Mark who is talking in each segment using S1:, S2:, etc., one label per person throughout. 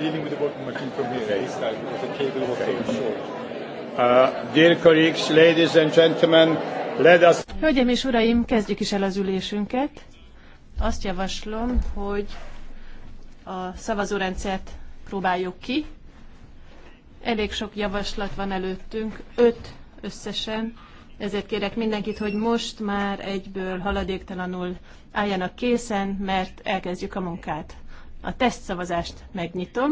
S1: dealing with the working machine from here. Eh? Okay. This the cable was okay. so short. Uh, dear colleagues, ladies and gentlemen, let us...
S2: Hölgyeim és uraim, kezdjük is el az ülésünket. Azt javaslom, hogy a szavazórendszert próbáljuk ki. Elég sok javaslat van előttünk, öt összesen, ezért kérek mindenkit, hogy most már egyből haladéktalanul álljanak készen, mert elkezdjük a munkát. A tesztszavazást megnyitom.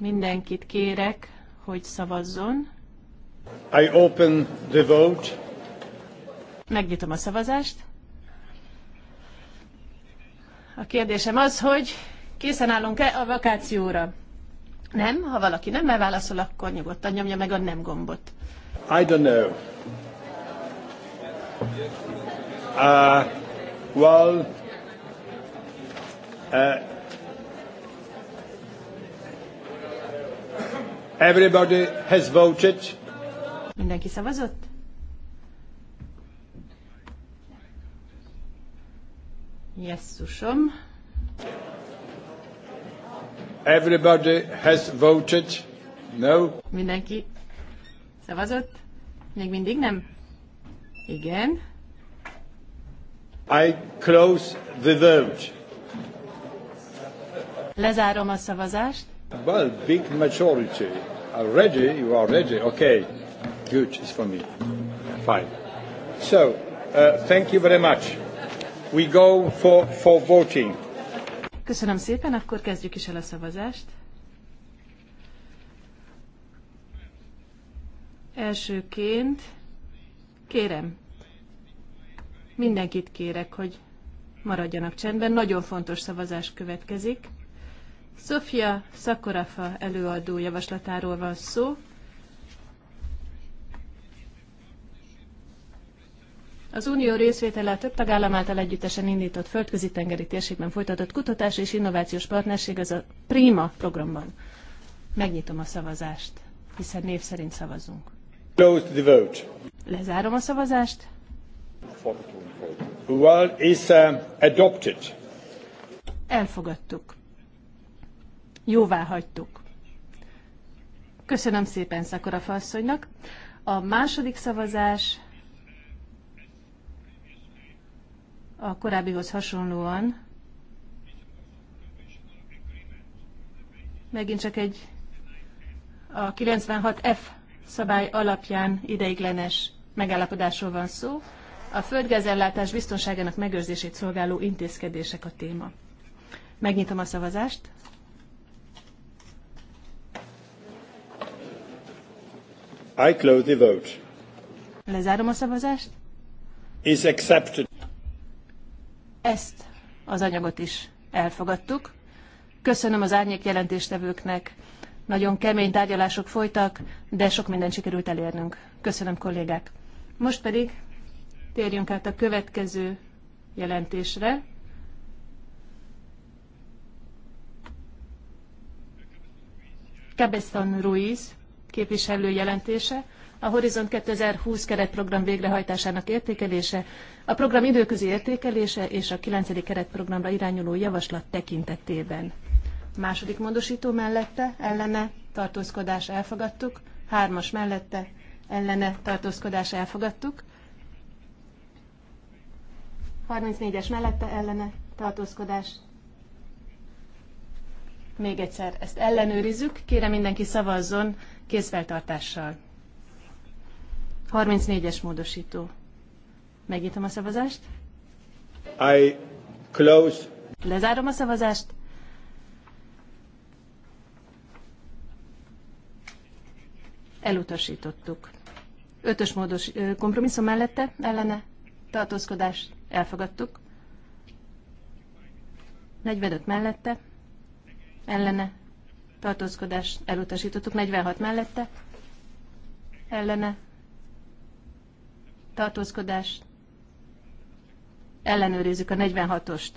S2: Mindenkit kérek, hogy szavazzon.
S1: I open the vote.
S2: Megnyitom a szavazást. A kérdésem az, hogy készen állunk-e a vakációra? Nem, ha valaki nem válaszol, akkor nyugodtan nyomja meg a nem gombot.
S1: I don't know. Uh, well, Uh, everybody has voted.
S2: Mindenki szavazott?
S1: Jesszusom. Everybody has voted. No.
S2: Mindenki szavazott? Még mindig nem? Igen.
S1: I close the vote.
S2: Lezárom a szavazást.
S1: Well, big majority. Are ready? You are ready. Okay. Good. It's for me. Fine. So, uh, thank you very much. We go for, for voting.
S2: Köszönöm szépen, akkor kezdjük is el a szavazást. Elsőként kérem, mindenkit kérek, hogy maradjanak csendben, nagyon fontos szavazás következik. Sofia Szakorafa előadó javaslatáról van szó. Az Unió részvétele a több tagállam által együttesen indított földközi tengeri térségben folytatott kutatás és innovációs partnerség az a PRIMA programban. Megnyitom a szavazást, hiszen név szerint szavazunk.
S1: Close the vote.
S2: Lezárom a szavazást.
S1: Well, is uh, adopted.
S2: Elfogadtuk jóvá hagytuk. Köszönöm szépen Szakora Falszonynak. A második szavazás a korábbihoz hasonlóan megint csak egy a 96F szabály alapján ideiglenes megállapodásról van szó. A földgázellátás biztonságának megőrzését szolgáló intézkedések a téma. Megnyitom a szavazást.
S1: I close the vote.
S2: Lezárom a szavazást.
S1: Is accepted.
S2: Ezt az anyagot is elfogadtuk. Köszönöm az árnyék jelentéstevőknek. Nagyon kemény tárgyalások folytak, de sok mindent sikerült elérnünk. Köszönöm, kollégák. Most pedig térjünk át a következő jelentésre. Cabezon Ruiz képviselő jelentése, a Horizont 2020 keretprogram végrehajtásának értékelése, a program időközi értékelése és a 9. keretprogramra irányuló javaslat tekintetében. Második módosító mellette, ellene, tartózkodás elfogadtuk, hármas mellette, ellene, tartózkodás elfogadtuk, 34-es mellette, ellene, tartózkodás még egyszer, ezt ellenőrizzük. Kérem mindenki szavazzon kézfeltartással. 34-es módosító. Megnyitom a szavazást.
S1: I close.
S2: Lezárom a szavazást. Elutasítottuk. Ötös módos kompromisszum mellette, ellene, tartózkodás, elfogadtuk. 45 mellette, ellene tartózkodás elutasítottuk, 46 mellette ellene tartózkodás ellenőrizzük a 46-ost.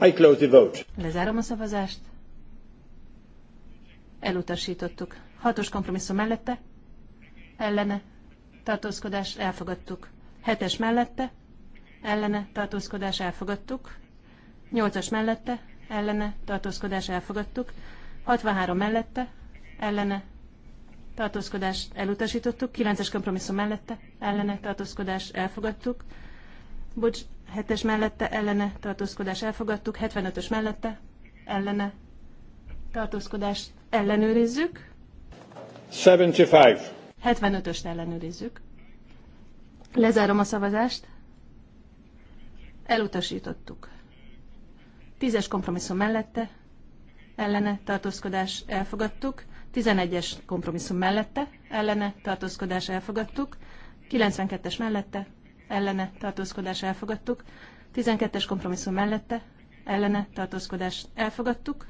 S1: I close the vote.
S2: Lezárom a szavazást. Elutasítottuk. Hatos kompromisszum mellette? Ellene. Tartózkodás elfogadtuk. Hetes mellette? ellene tartózkodás elfogadtuk, 8-as mellette ellene tartózkodás elfogadtuk, 63 mellette ellene tartózkodás elutasítottuk, 9-es kompromisszum mellette ellene tartózkodás elfogadtuk, bocs, 7-es mellette ellene tartózkodás elfogadtuk, 75-ös mellette ellene tartózkodást ellenőrizzük.
S1: 75.
S2: 75-öst ellenőrizzük. Lezárom a szavazást. Elutasítottuk. Tízes kompromisszum mellette, ellene tartózkodás elfogadtuk. Tizenegyes kompromisszum mellette, ellene tartózkodás elfogadtuk. 92-es mellette, ellene tartózkodás elfogadtuk. 12-es kompromisszum mellette, ellene tartózkodás elfogadtuk.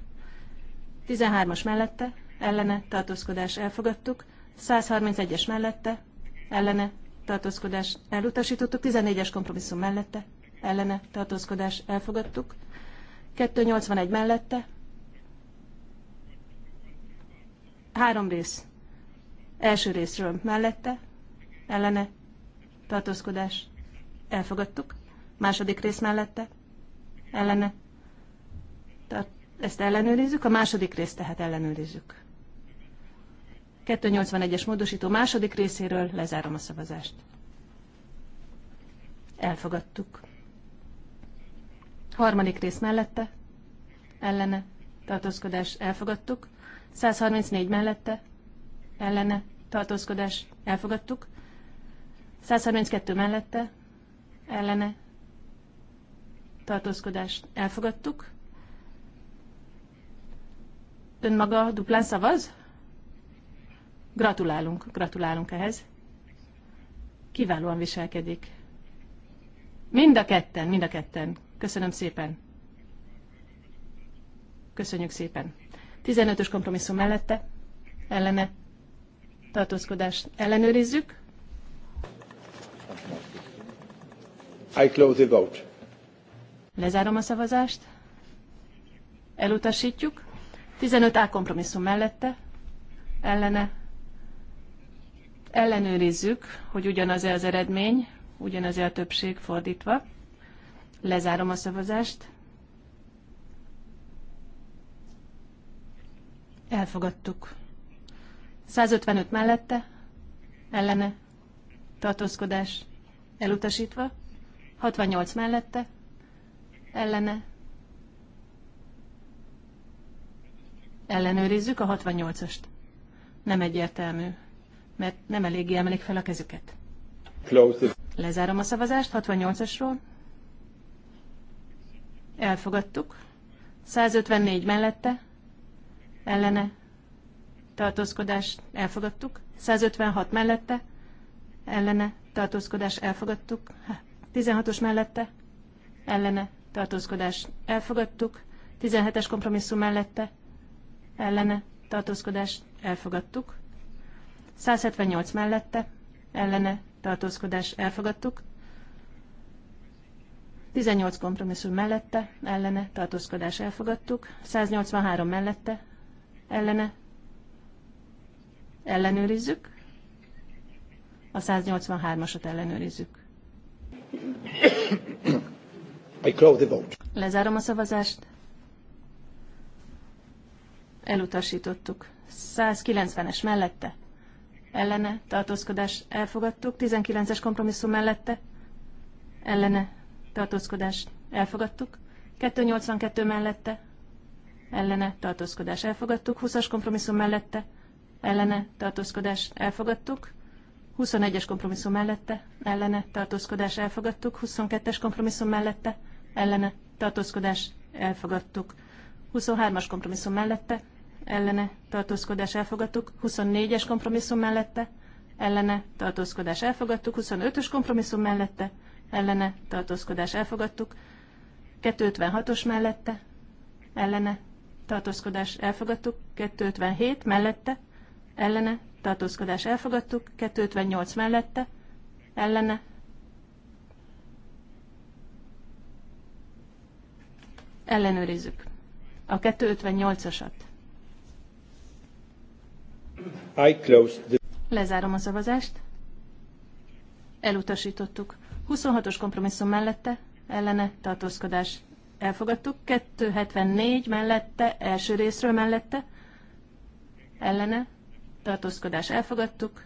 S2: 13-as mellette, ellene tartózkodás elfogadtuk. 131-es mellette, ellene tartózkodás elutasítottuk. 14-es kompromisszum mellette, ellene tartózkodás elfogadtuk. 281 mellette. Három rész. Első részről mellette, ellene tartózkodás elfogadtuk. Második rész mellette, ellene. Tart, ezt ellenőrizzük, a második részt tehát ellenőrizzük. 281-es módosító második részéről lezárom a szavazást. Elfogadtuk. Harmadik rész mellette, ellene, tartózkodás elfogadtuk. 134 mellette, ellene, tartózkodás elfogadtuk. 132 mellette, ellene, tartózkodás elfogadtuk. Ön maga duplán szavaz? Gratulálunk, gratulálunk ehhez. Kiválóan viselkedik. Mind a ketten, mind a ketten. Köszönöm szépen. Köszönjük szépen. 15-ös kompromisszum mellette, ellene, tartózkodás ellenőrizzük.
S1: I close the vote.
S2: Lezárom a szavazást. Elutasítjuk. 15A kompromisszum mellette, ellene. Ellenőrizzük, hogy ugyanaz-e az eredmény, ugyanaz-e a többség fordítva. Lezárom a szavazást. Elfogadtuk. 155 mellette, ellene, tartózkodás, elutasítva. 68 mellette, ellene. Ellenőrizzük a 68-ast. Nem egyértelmű, mert nem eléggé emelik fel a kezüket. Close. Lezárom a szavazást 68-asról. Elfogadtuk. 154 mellette, ellene, tartózkodás, elfogadtuk. 156 mellette, ellene, tartózkodás, elfogadtuk. 16-os mellette, ellene, tartózkodás, elfogadtuk. 17-es kompromisszum mellette, ellene, tartózkodás, elfogadtuk. 178 mellette, ellene, tartózkodás, elfogadtuk. 18 kompromisszum mellette, ellene, tartózkodás elfogadtuk. 183 mellette, ellene, ellenőrizzük. A 183-asat ellenőrizzük.
S1: I close the vote.
S2: Lezárom a szavazást. Elutasítottuk. 190-es mellette. Ellene tartózkodás elfogadtuk. 19-es kompromisszum mellette. Ellene tartózkodás elfogadtuk, 282 mellette, ellene tartózkodás elfogadtuk, 20-as kompromisszum mellette, ellene tartózkodás elfogadtuk, 21-es kompromisszum mellette, ellene tartózkodás elfogadtuk, 22-es kompromisszum mellette, ellene tartózkodás elfogadtuk, 23-as kompromisszum mellette, ellene tartózkodás elfogadtuk, 24-es kompromisszum mellette, ellene tartózkodás elfogadtuk, 25-ös kompromisszum mellette, ellene tartózkodás elfogadtuk, 256-os mellette ellene tartózkodás elfogadtuk, 257 mellette ellene tartózkodás elfogadtuk, 258 mellette ellene ellenőrizzük a 258-asat.
S1: I closed the...
S2: Lezárom a szavazást. Elutasítottuk. 26-os kompromisszum mellette ellene tartózkodás elfogadtuk. 274 mellette első részről mellette ellene tartózkodás elfogadtuk.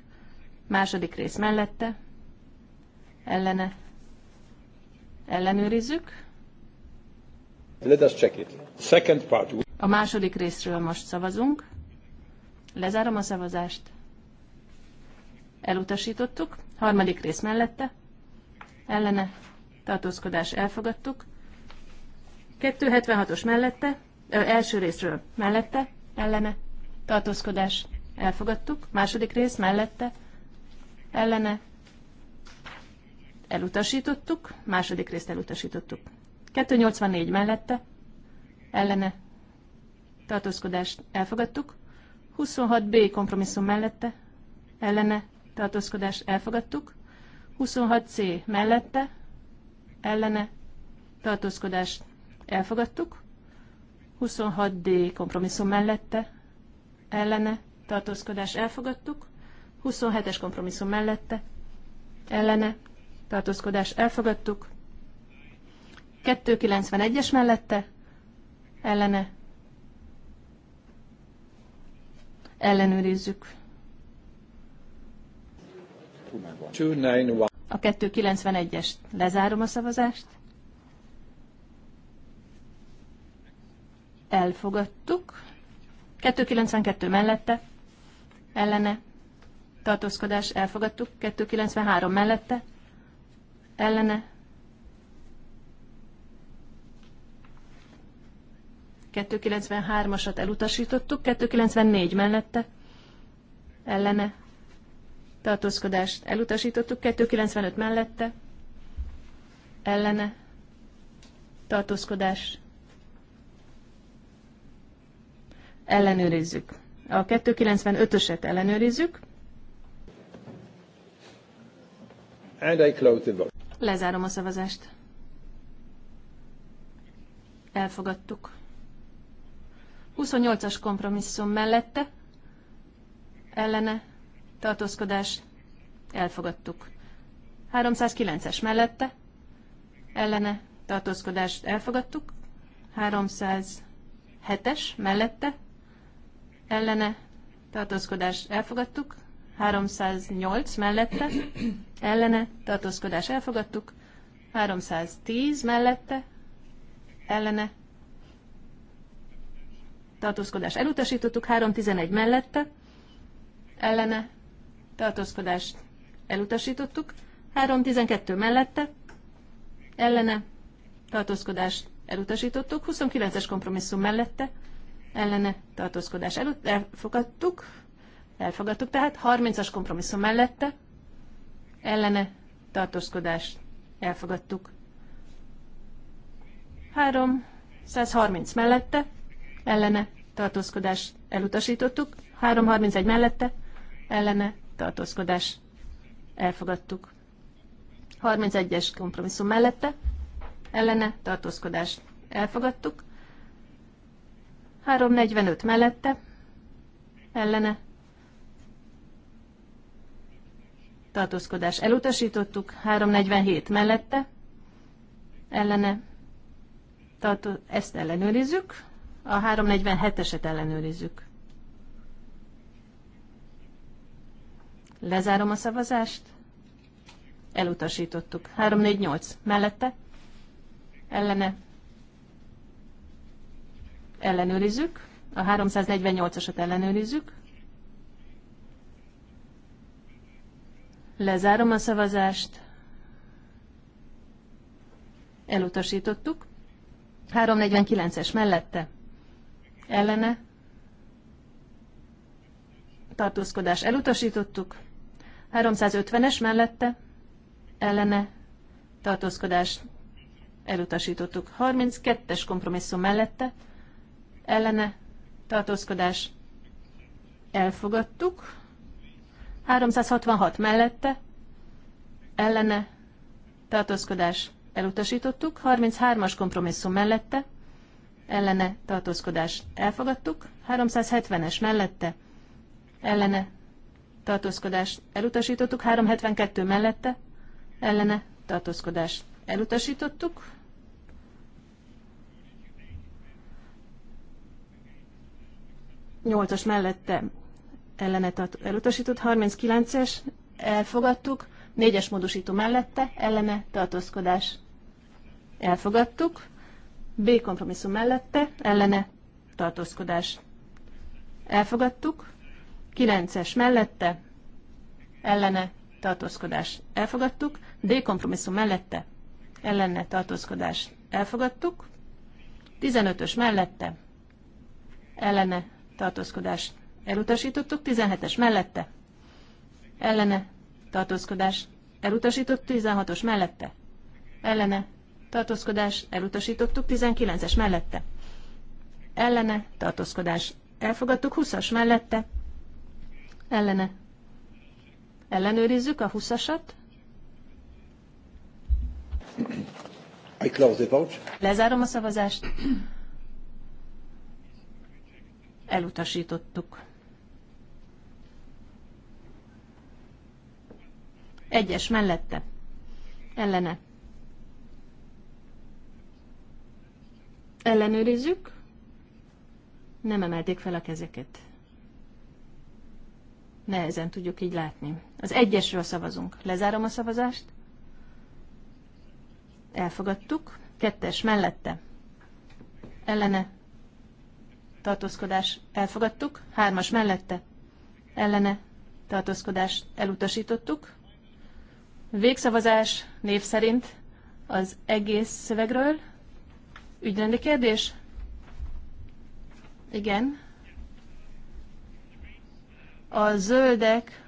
S2: Második rész mellette ellene ellenőrizzük.
S1: Let us check it. Second part.
S2: A második részről most szavazunk. Lezárom a szavazást. Elutasítottuk. Harmadik rész mellette ellene tartózkodás elfogadtuk. 276-os mellette, ö, első részről mellette, ellene tartózkodás elfogadtuk. Második rész mellette, ellene elutasítottuk. Második részt elutasítottuk. 284 mellette, ellene tartózkodást elfogadtuk. 26B kompromisszum mellette, ellene tartózkodást elfogadtuk. 26C mellette, ellene, tartózkodást elfogadtuk. 26D kompromisszum mellette, ellene, tartózkodást elfogadtuk. 27-es kompromisszum mellette, ellene, tartózkodást elfogadtuk. 291-es mellette, ellene, ellenőrizzük. A 291-es. Lezárom a szavazást. Elfogadtuk. 292 mellette. Ellene. Tartózkodás. Elfogadtuk. 293 mellette. Ellene. 293-asat elutasítottuk, 294 mellette, ellene tartózkodást elutasítottuk, 295 mellette, ellene, tartózkodás, ellenőrizzük. A 295-öset ellenőrizzük.
S1: And I close the vote.
S2: Lezárom a szavazást. Elfogadtuk. 28-as kompromisszum mellette, ellene, tartózkodás, elfogadtuk. 309-es mellette, ellene, tartózkodás, elfogadtuk. 307-es mellette, ellene, tartózkodás, elfogadtuk. 308 mellette, ellene, tartózkodás, elfogadtuk. 310 mellette, ellene, tartózkodás elutasítottuk, 311 mellette, ellene, tartózkodást elutasítottuk, 3.12 mellette, ellene, tartózkodást elutasítottuk, 29-es kompromisszum mellette, ellene, tartózkodást elut- elfogadtuk, elfogadtuk, tehát 30-as kompromisszum mellette, ellene, tartózkodást elfogadtuk. 330 mellette, ellene, tartózkodást elutasítottuk, 331 mellette, ellene, tartózkodás elfogadtuk. 31-es kompromisszum mellette ellene tartózkodás elfogadtuk. 345 mellette ellene tartózkodás elutasítottuk, 347 mellette ellene tartó, ezt ellenőrizzük, a 347-eset ellenőrizzük. Lezárom a szavazást. Elutasítottuk. 348. Mellette? Ellene? Ellenőrizzük. A 348-asat ellenőrizzük. Lezárom a szavazást. Elutasítottuk. 349-es mellette. Ellene. Tartózkodás elutasítottuk. 350-es mellette ellene tartózkodást elutasítottuk. 32-es kompromisszum mellette ellene tartózkodás elfogadtuk. 366 mellette ellene tartózkodás elutasítottuk. 33-as kompromisszum mellette ellene tartózkodás elfogadtuk. 370-es mellette ellene tartózkodás elutasítottuk, 372 mellette ellene tartózkodás elutasítottuk. Nyolcas mellette ellene elutasított, 39-es elfogadtuk, 4-es módosító mellette ellene tartózkodás elfogadtuk, B kompromisszum mellette ellene tartózkodás elfogadtuk, 9-es mellette, ellene tartózkodás elfogadtuk, D kompromisszum mellette, ellene tartózkodás elfogadtuk, 15-ös mellette, ellene tartózkodás elutasítottuk, 17-es mellette, ellene tartózkodás elutasítottuk, 16-os mellette, ellene tartózkodás elutasítottuk, 19-es mellette, ellene tartózkodás elfogadtuk, 20-as mellette, Ellene. Ellenőrizzük a 20-asat.
S1: I close the vote.
S2: Lezárom a szavazást. Elutasítottuk. Egyes mellette. Ellene. Ellenőrizzük. Nem emelték fel a kezeket nehezen tudjuk így látni. Az egyesről szavazunk. Lezárom a szavazást. Elfogadtuk. Kettes mellette. Ellene. Tartózkodás. Elfogadtuk. Hármas mellette. Ellene. Tartózkodás. Elutasítottuk. Végszavazás név szerint az egész szövegről. Ügyrendi kérdés? Igen. A zöldek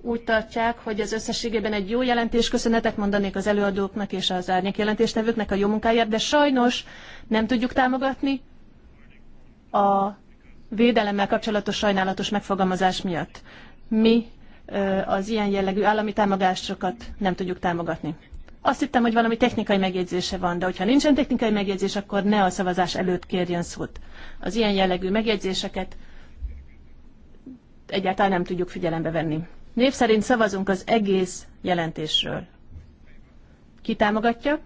S2: úgy tartják, hogy az összességében egy jó jelentés, köszönetet mondanék az előadóknak és az árnyék jelentéstevőknek a jó munkáját, de sajnos nem tudjuk támogatni a védelemmel kapcsolatos sajnálatos megfogalmazás miatt. Mi az ilyen jellegű állami támogásokat nem tudjuk támogatni. Azt hittem, hogy valami technikai megjegyzése van, de hogyha nincsen technikai megjegyzés, akkor ne a szavazás előtt kérjen szót. Az ilyen jellegű megjegyzéseket egyáltalán nem tudjuk figyelembe venni. Név szerint szavazunk az egész jelentésről. Ki támogatja?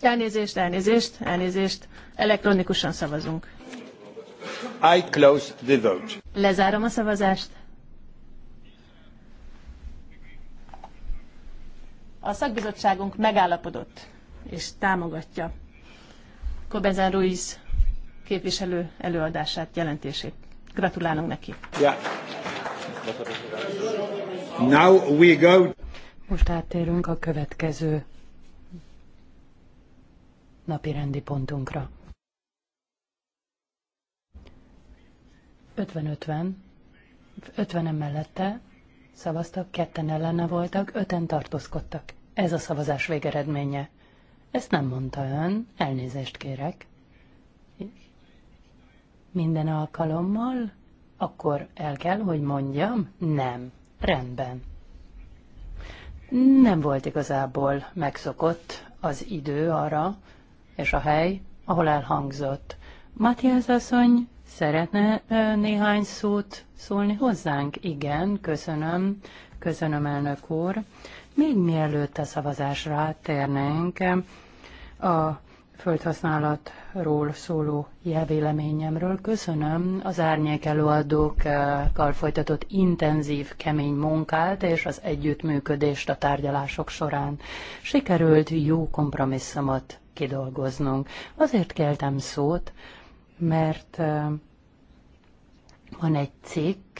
S2: Elnézést, elnézést, elnézést. Elektronikusan szavazunk.
S1: I close the vote.
S2: Lezárom a szavazást. A szakbizottságunk megállapodott és támogatja Kobezen Ruiz képviselő előadását, jelentését. Gratulálunk neki.
S1: Now we go.
S2: Most áttérünk a következő
S3: napi rendi pontunkra. 50-50, 50 mellette szavaztak, ketten ellene voltak, öten tartózkodtak. Ez a szavazás végeredménye. Ezt nem mondta ön, elnézést kérek minden alkalommal, akkor el kell, hogy mondjam, nem. Rendben. Nem volt igazából megszokott az idő arra, és a hely, ahol elhangzott. Matthias asszony szeretne néhány szót szólni hozzánk? Igen, köszönöm. Köszönöm, elnök úr. Még mielőtt a szavazásra térnénk, a földhasználatról szóló jelvéleményemről. Köszönöm az árnyék előadókkal folytatott intenzív, kemény munkát és az együttműködést a tárgyalások során. Sikerült jó kompromisszumot kidolgoznunk. Azért keltem szót, mert van egy cikk,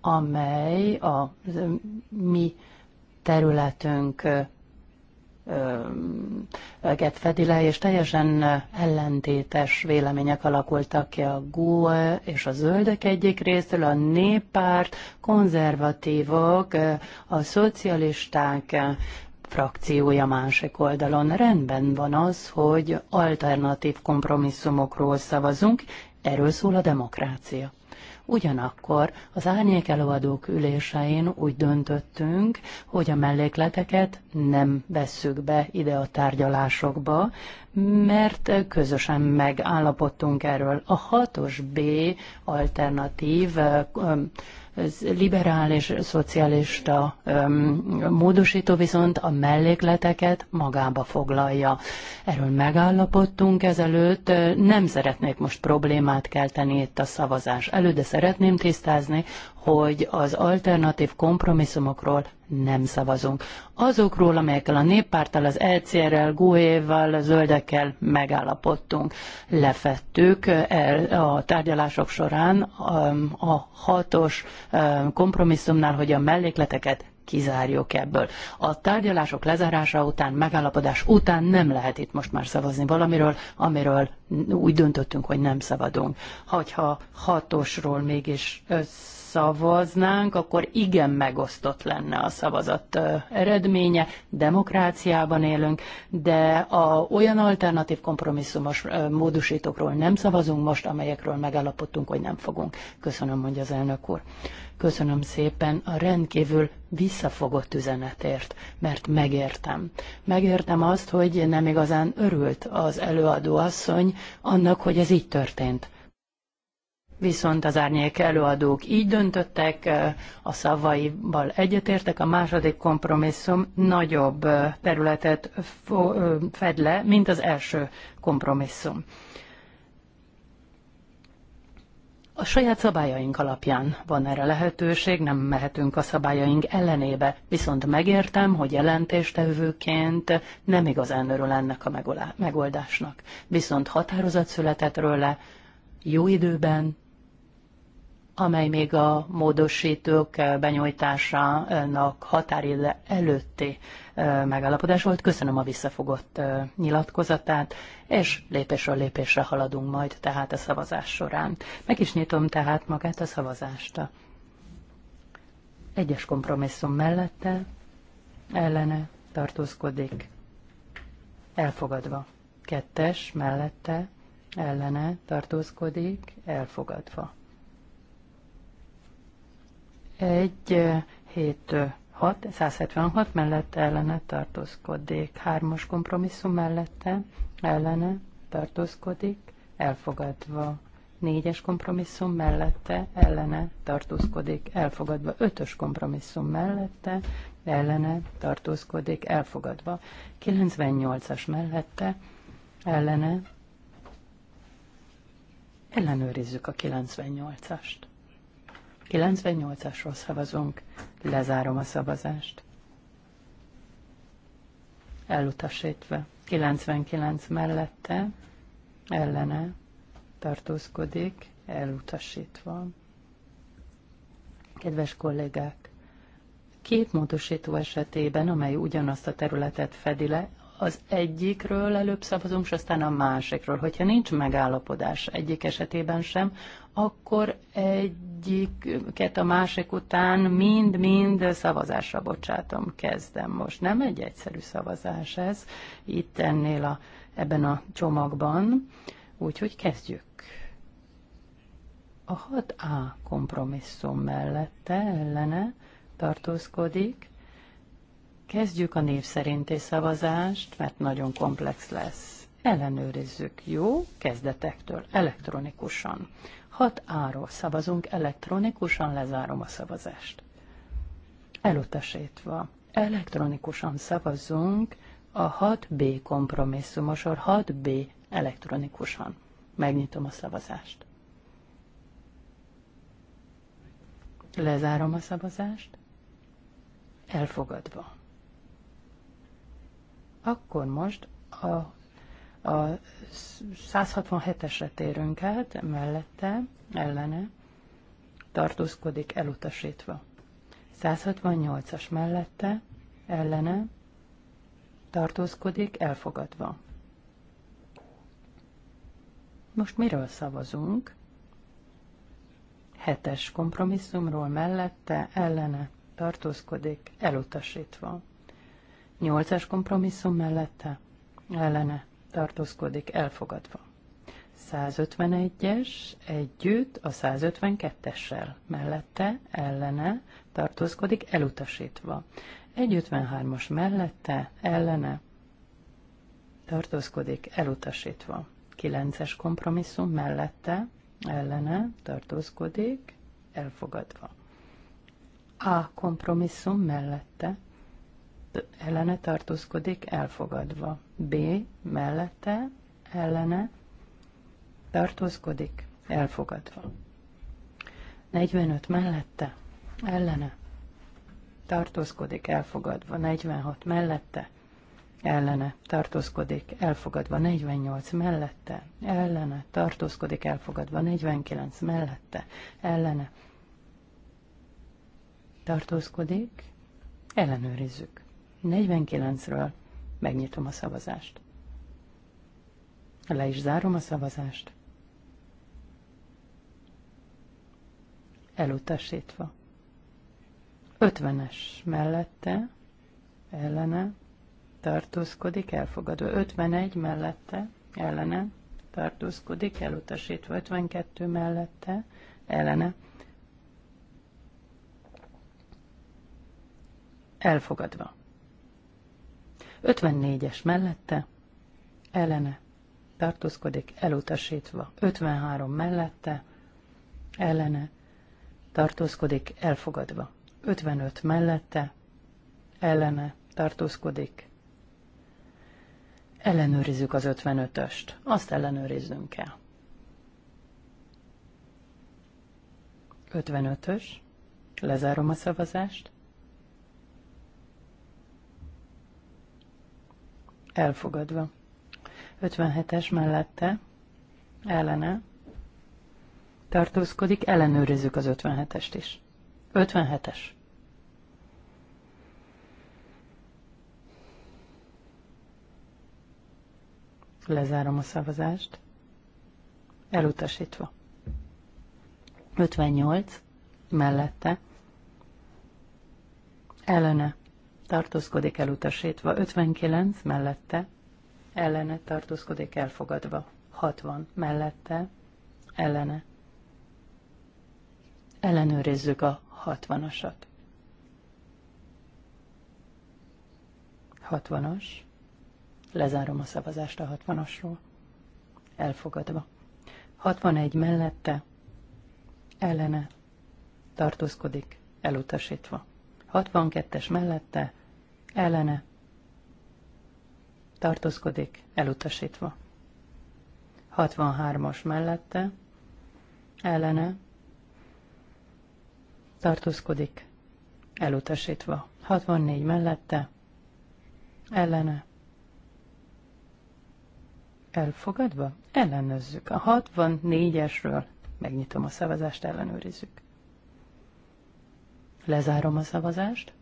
S3: amely a mi területünk eget fedi le, és teljesen ellentétes vélemények alakultak ki a GUE és a zöldek egyik részről, a néppárt, konzervatívok, a szocialisták frakciója másik oldalon. Rendben van az, hogy alternatív kompromisszumokról szavazunk, Erről szól a demokrácia. Ugyanakkor az árnyék előadók ülésein úgy döntöttünk, hogy a mellékleteket nem vesszük be ide a tárgyalásokba, mert közösen megállapodtunk erről. A 6-os B alternatív liberális, szocialista módosító viszont a mellékleteket magába foglalja. Erről megállapodtunk ezelőtt, nem szeretnék most problémát kelteni itt a szavazás előtt, de szeretném tisztázni, hogy az alternatív kompromisszumokról nem szavazunk. Azokról, amelyekkel a néppárttal, az LCR-rel, e GUE-val, a zöldekkel megállapodtunk. Lefettük e, a tárgyalások során um, a hatos um, kompromisszumnál, hogy a mellékleteket kizárjuk ebből. A tárgyalások lezárása után, megállapodás után nem lehet itt most már szavazni valamiről, amiről úgy döntöttünk, hogy nem szabadunk. Hogyha hatosról mégis össze szavaznánk, akkor igen megosztott lenne a szavazat eredménye, demokráciában élünk, de a, olyan alternatív kompromisszumos módosítókról nem szavazunk most, amelyekről megállapodtunk, hogy nem fogunk. Köszönöm, mondja az elnök úr. Köszönöm szépen a rendkívül visszafogott üzenetért, mert megértem. Megértem azt, hogy nem igazán örült az előadó asszony annak, hogy ez így történt. Viszont az árnyék előadók így döntöttek, a szavaival egyetértek, a második kompromisszum nagyobb területet fed le, mint az első kompromisszum. A saját szabályaink alapján van erre lehetőség, nem mehetünk a szabályaink ellenébe, viszont megértem, hogy jelentéstevőként nem igazán örül ennek a megoldásnak. Viszont határozat született róla, jó időben, amely még a módosítók benyújtásának határide előtti megállapodás volt. Köszönöm a visszafogott nyilatkozatát, és lépésről lépésre haladunk majd tehát a szavazás során. Meg is nyitom tehát magát a szavazást. Egyes kompromisszum mellette, ellene tartózkodik, elfogadva. Kettes mellette, ellene tartózkodik, elfogadva. 1, 7, 6, 176 mellett ellene tartózkodik. 3 os kompromisszum mellette ellene tartózkodik, elfogadva. 4-es kompromisszum mellette ellene tartózkodik, elfogadva. 5-ös kompromisszum mellette ellene tartózkodik, elfogadva. 98-as mellette ellene ellenőrizzük a 98-ast. 98-asról szavazunk. Lezárom a szavazást. Elutasítva. 99 mellette, ellene tartózkodik, elutasítva. Kedves kollégák, két módosító esetében, amely ugyanazt a területet fedi le, az egyikről előbb szavazunk, és aztán a másikról. Hogyha nincs megállapodás egyik esetében sem, akkor egyiket a másik után mind-mind szavazásra bocsátom. Kezdem most. Nem egy egyszerű szavazás ez itt ennél a, ebben a csomagban. Úgyhogy kezdjük. A 6A kompromisszum mellette ellene tartózkodik, Kezdjük a név szerinti szavazást, mert nagyon komplex lesz. Ellenőrizzük, jó? Kezdetektől, elektronikusan. 6 áról szavazunk, elektronikusan lezárom a szavazást. Elutasítva. Elektronikusan szavazzunk a 6B kompromisszumosor 6B elektronikusan. Megnyitom a szavazást. Lezárom a szavazást. Elfogadva. Akkor most a, a 167-esre térünk át, mellette, ellene, tartózkodik elutasítva. 168-as mellette, ellene, tartózkodik elfogadva. Most miről szavazunk? Hetes kompromisszumról mellette, ellene, tartózkodik elutasítva. Nyolcas kompromisszum mellette ellene tartózkodik elfogadva. 151-es együtt a 152-essel mellette ellene tartózkodik elutasítva. 153-as mellette ellene tartózkodik elutasítva. 9-es kompromisszum mellette ellene tartózkodik elfogadva. A kompromisszum mellette ellene tartózkodik, elfogadva. B mellette, ellene tartózkodik, elfogadva. 45 mellette, ellene tartózkodik, elfogadva. 46 mellette, ellene tartózkodik, elfogadva 48 mellette, ellene tartózkodik, elfogadva 49 mellette, ellene tartózkodik, ellenőrizzük. 49-ről megnyitom a szavazást. Le is zárom a szavazást. Elutasítva. 50-es mellette, ellene, tartózkodik, elfogadva. 51 mellette, ellene, tartózkodik, elutasítva. 52 mellette, ellene. Elfogadva. 54-es mellette, Elene tartózkodik, elutasítva. 53 mellette, Elene tartózkodik, elfogadva. 55 mellette, Elene tartózkodik. Ellenőrizzük az 55-öst. Azt ellenőrizzünk el. 55-ös. Lezárom a szavazást. elfogadva. 57-es mellette, ellene, tartózkodik, ellenőrizzük az 57-est is. 57-es. Lezárom a szavazást. Elutasítva. 58. Mellette. Ellene tartózkodik elutasítva, 59 mellette, ellene tartózkodik elfogadva, 60 mellette, ellene. Ellenőrizzük a 60-asat. 60-as. Lezárom a szavazást a 60-asról. Elfogadva. 61 mellette, ellene tartózkodik, elutasítva. 62-es mellette, ellene, tartózkodik, elutasítva. 63-as mellette, ellene, tartózkodik, elutasítva. 64 mellette, ellene, elfogadva, ellenőrzzük. A 64-esről megnyitom a szavazást, ellenőrizzük. Lezárom a szavazást.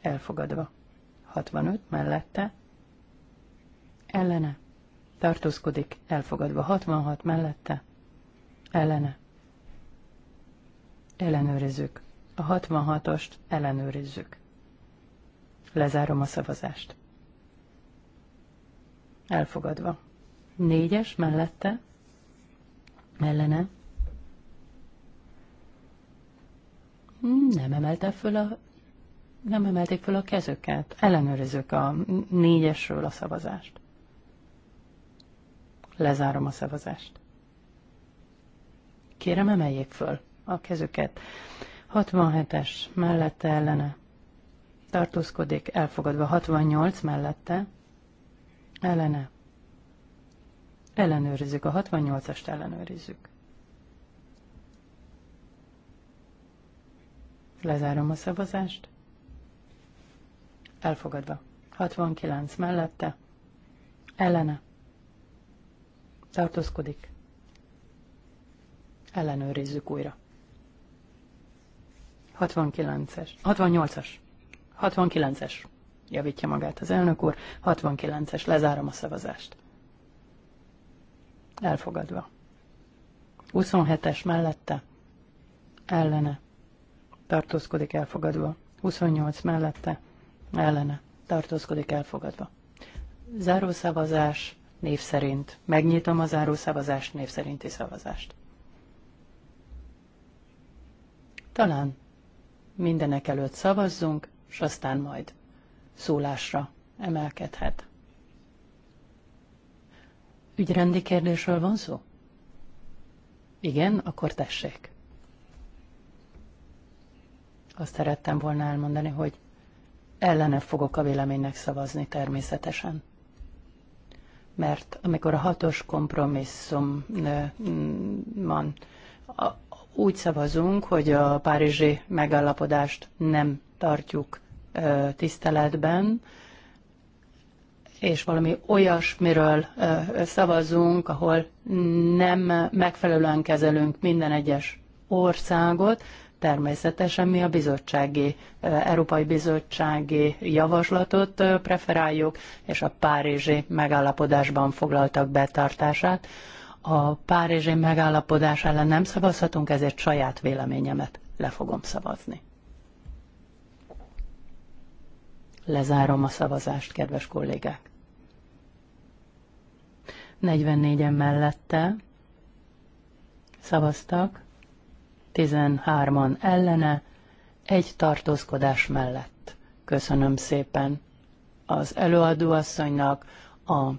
S3: Elfogadva. 65 mellette. Ellene. Tartózkodik. Elfogadva. 66 mellette. Ellene. Ellenőrizzük. A 66-ost ellenőrizzük. Lezárom a szavazást. Elfogadva. Négyes mellette. Ellene. Nem emelte föl a, nem emelték föl a kezüket. Ellenőrizzük a négyesről a szavazást. Lezárom a szavazást. Kérem, emeljék föl a kezüket. 67-es mellette ellene. Tartózkodik elfogadva 68 mellette. Ellene. Ellenőrizzük a 68-ast, ellenőrizzük. Lezárom a szavazást. Elfogadva. 69 mellette. Ellene. Tartózkodik. Ellenőrizzük újra. 69-es. 68-as. 69-es. Javítja magát az elnök úr. 69-es. Lezárom a szavazást. Elfogadva. 27-es mellette. Ellene tartózkodik elfogadva. 28 mellette ellene tartózkodik elfogadva. Zárószavazás név szerint. Megnyitom a zárószavazás név szerinti szavazást. Talán mindenek előtt szavazzunk, és aztán majd szólásra emelkedhet. Ügyrendi kérdésről van szó? Igen, akkor tessék. Azt szerettem volna elmondani, hogy ellene fogok a véleménynek szavazni természetesen. Mert amikor a hatos kompromisszumban mm, úgy szavazunk, hogy a párizsi megállapodást nem tartjuk tiszteletben, és valami olyasmiről szavazunk, ahol nem megfelelően kezelünk minden egyes országot, Természetesen mi a bizottsági, Európai Bizottsági javaslatot preferáljuk, és a Párizsi megállapodásban foglaltak betartását. A Párizsi megállapodás ellen nem szavazhatunk, ezért saját véleményemet le fogom szavazni. Lezárom a szavazást, kedves kollégák. 44-en mellette szavaztak, 13 ellene, egy tartózkodás mellett. Köszönöm szépen az előadóasszonynak, a, az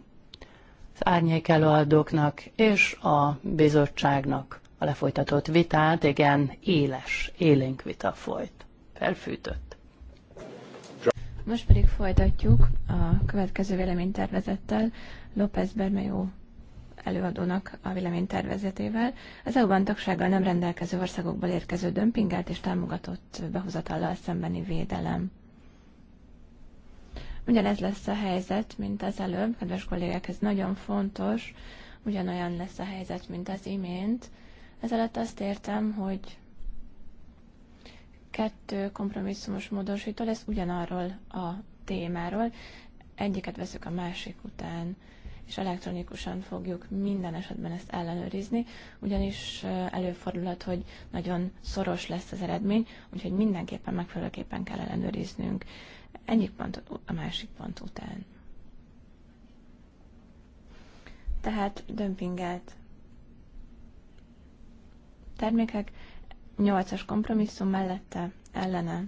S3: árnyék előadóknak és a bizottságnak a lefolytatott vitát. Igen, éles, élénk vita folyt. Felfűtött.
S4: Most pedig folytatjuk a következő véleménytervezettel López Bermejó előadónak a véleménytervezetével, az EU-ban tagsággal nem rendelkező országokból érkező dömpingelt és támogatott behozatallal szembeni védelem. Ugyanez lesz a helyzet, mint az előbb, kedves kollégák, ez nagyon fontos, ugyanolyan lesz a helyzet, mint az imént. Ez alatt azt értem, hogy kettő kompromisszumos módosító lesz ugyanarról a témáról, egyiket veszük a másik után és elektronikusan fogjuk minden esetben ezt ellenőrizni, ugyanis előfordulhat, hogy nagyon szoros lesz az eredmény, úgyhogy mindenképpen megfelelőképpen kell ellenőriznünk egyik pont a másik pont után. Tehát dömpingelt termékek, 8-as kompromisszum mellette, ellene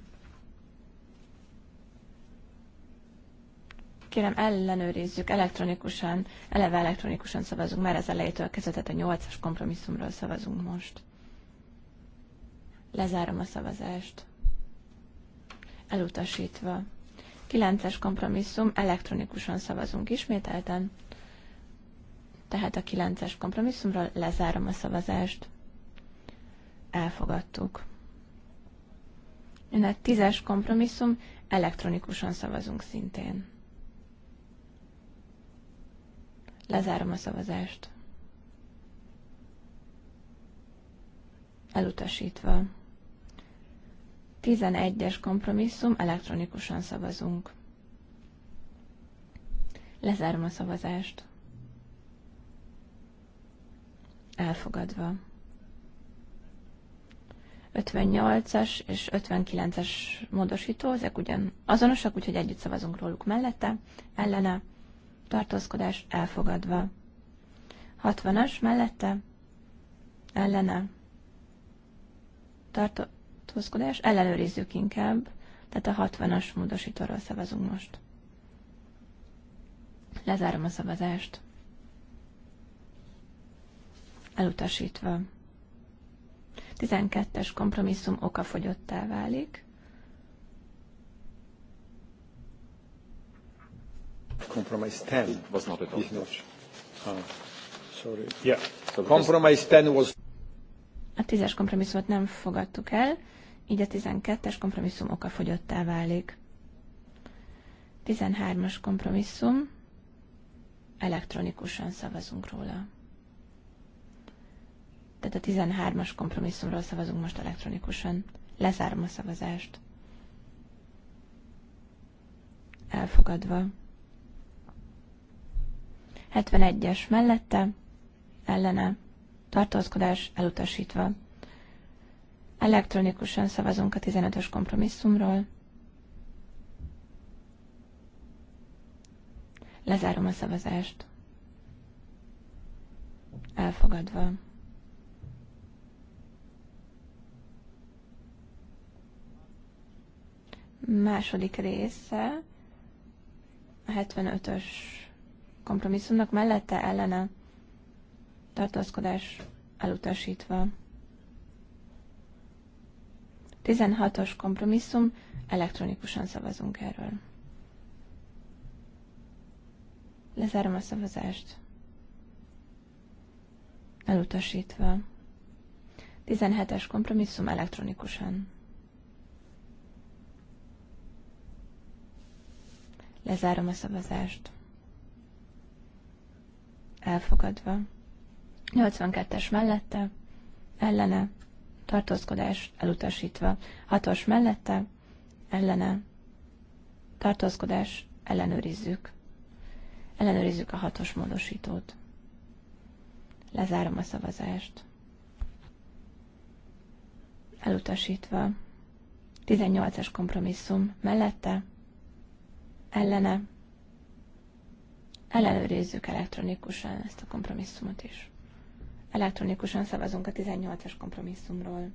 S4: Kérem, ellenőrizzük elektronikusan, eleve elektronikusan szavazunk, mert az elejétől kezdetet a 8-as kompromisszumról szavazunk most. Lezárom a szavazást. Elutasítva. 9-es kompromisszum, elektronikusan szavazunk ismételten. Tehát a 9-es kompromisszumról lezárom a szavazást. Elfogadtuk. Jön a 10-es kompromisszum, elektronikusan szavazunk szintén. Lezárom a szavazást. Elutasítva. 11-es kompromisszum, elektronikusan szavazunk. Lezárom a szavazást. Elfogadva. 58-as és 59-es módosító, ezek ugyan azonosak, úgyhogy együtt szavazunk róluk mellette, ellene tartózkodás elfogadva. 60-as mellette ellene tartózkodás, ellenőrizzük inkább, tehát a 60-as módosítóról szavazunk most. Lezárom a szavazást. Elutasítva. 12-es kompromisszum okafogyottá válik.
S1: Compromise 10 It was not adopted. Not. Oh, sorry. Yeah. So compromise 10 was...
S4: A tízes kompromisszumot nem fogadtuk el, így a 12-es kompromisszum okafogyottá válik. 13-as kompromisszum, elektronikusan szavazunk róla. Tehát a 13-as kompromisszumról szavazunk most elektronikusan. Lezárom a szavazást. Elfogadva. 71-es mellette, ellene, tartózkodás elutasítva. Elektronikusan szavazunk a 15-ös kompromisszumról. Lezárom a szavazást. Elfogadva. Második része, 75-ös kompromisszumnak mellette ellene tartózkodás elutasítva. 16-os kompromisszum, elektronikusan szavazunk erről. Lezárom a szavazást. Elutasítva. 17-es kompromisszum elektronikusan. Lezárom a szavazást elfogadva. 82-es mellette, ellene, tartózkodás elutasítva. 6-os mellette, ellene, tartózkodás ellenőrizzük. Ellenőrizzük a hatos módosítót. Lezárom a szavazást. Elutasítva. 18 es kompromisszum mellette, ellene,
S1: Ellenőrizzük
S4: elektronikusan ezt a kompromisszumot is. Elektronikusan szavazunk a 18-as kompromisszumról.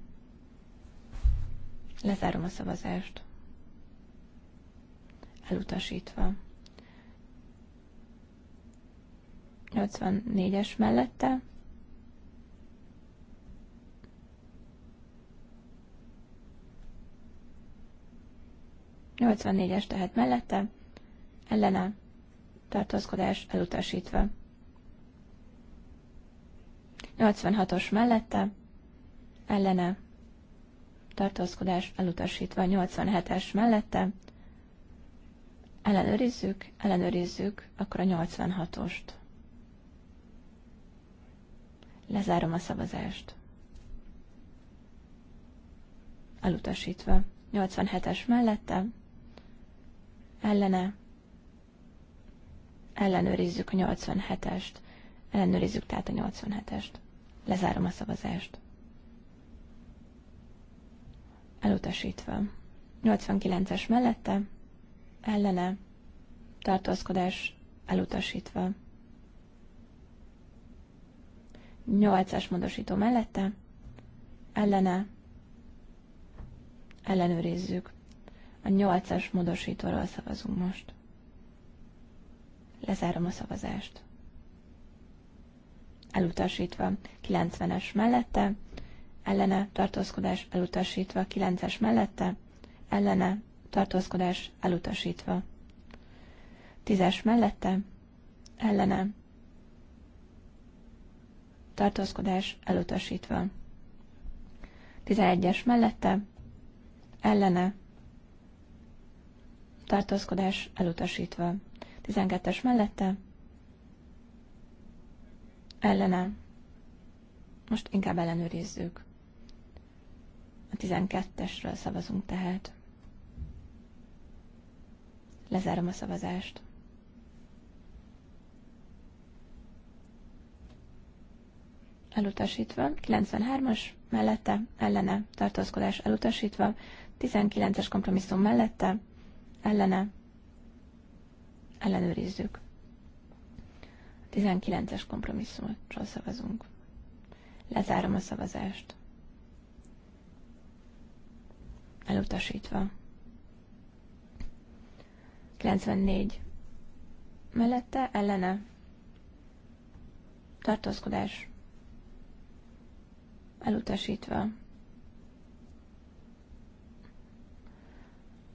S4: Lezárom a szavazást. Elutasítva. 84-es mellette. Nyolcvannégyes tehát mellette, ellene tartózkodás elutasítva. 86-os mellette, ellene, tartózkodás elutasítva. 87-es mellette, ellenőrizzük, ellenőrizzük, akkor a 86-ost. Lezárom a szavazást. Elutasítva. 87-es mellette, ellene, ellenőrizzük a 87-est. Ellenőrizzük tehát a 87-est. Lezárom a szavazást. Elutasítva. 89-es mellette, ellene, tartózkodás, elutasítva. 8-as módosító mellette, ellene, ellenőrizzük. A 8-as módosítóról szavazunk most. Lezárom a szavazást. Elutasítva 90-es mellette, ellene tartózkodás elutasítva 9-es mellette, ellene tartózkodás elutasítva. 10-es mellette, ellene tartózkodás elutasítva. 11-es mellette, ellene tartózkodás elutasítva. 12-es mellette. Ellene. Most inkább ellenőrizzük. A 12-esről szavazunk tehát. Lezárom a szavazást. Elutasítva. 93-as mellette, ellene, tartózkodás elutasítva. 19-es kompromisszum mellette, ellene, Ellenőrizzük. A 19-es kompromisszumot szavazunk. Lezárom a szavazást. Elutasítva. 94. Mellette ellene. Tartózkodás. Elutasítva.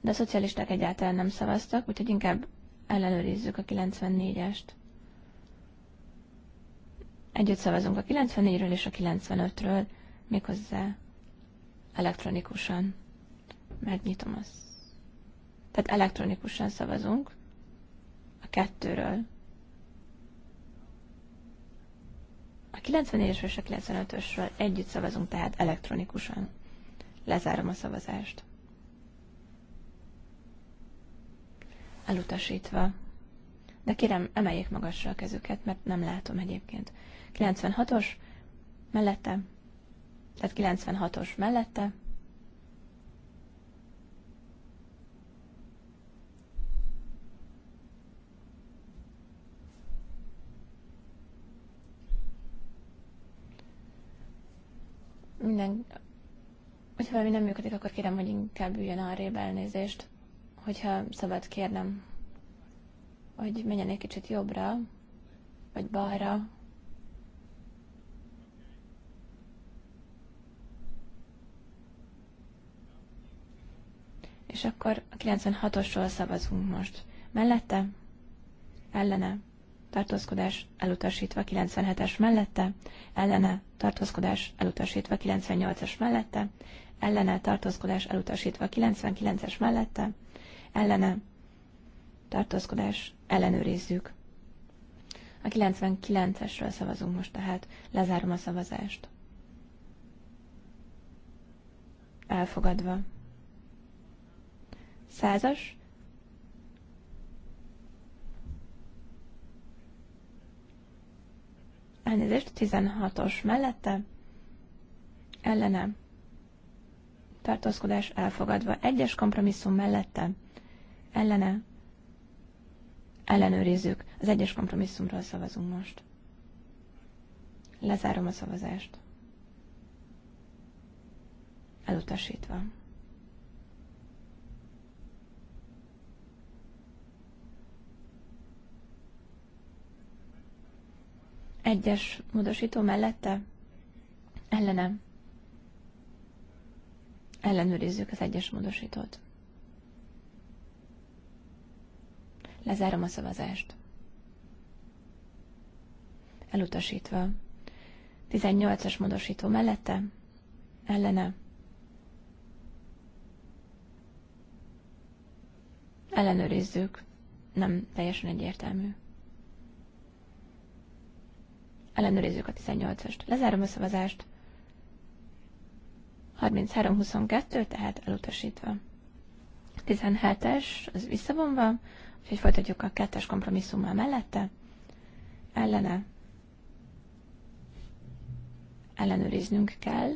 S4: De a szocialisták egyáltalán nem szavaztak, úgyhogy inkább ellenőrizzük a 94-est. Együtt szavazunk a 94-ről és a 95-ről, méghozzá elektronikusan. Megnyitom azt. Tehát elektronikusan szavazunk a kettőről. A 94 es és a 95-ösről együtt szavazunk, tehát elektronikusan. Lezárom a szavazást. elutasítva. De kérem, emeljék magasra a kezüket, mert nem látom egyébként. 96-os mellette, tehát 96-os mellette, minden, hogyha valami nem működik, akkor kérem, hogy inkább üljön arrébb elnézést hogyha szabad kérnem, hogy menjen egy kicsit jobbra, vagy balra. És akkor a 96-osról szavazunk most. Mellette? Ellene? tartózkodás elutasítva 97-es mellette, ellene tartózkodás elutasítva 98 as mellette, ellene tartózkodás elutasítva 99-es mellette, ellene tartózkodás ellenőrizzük. A 99-esről szavazunk most tehát. Lezárom a szavazást. Elfogadva. Százas. Elnézést, 16-os mellette. Ellene. Tartózkodás elfogadva. Egyes kompromisszum mellette ellene,
S1: ellenőrizzük.
S4: Az egyes kompromisszumról szavazunk most. Lezárom a szavazást. Elutasítva. Egyes módosító mellette? Ellenem. Ellenőrizzük az egyes módosítót. Lezárom a szavazást. Elutasítva. 18-as módosító mellette. Ellene.
S1: Ellenőrizzük.
S4: Nem teljesen egyértelmű. Ellenőrizzük a 18-ast. Lezárom a szavazást. 33-22, tehát elutasítva. 17-es, az visszavonva, Úgyhogy folytatjuk a kettes kompromisszummal mellette. Ellene ellenőriznünk kell.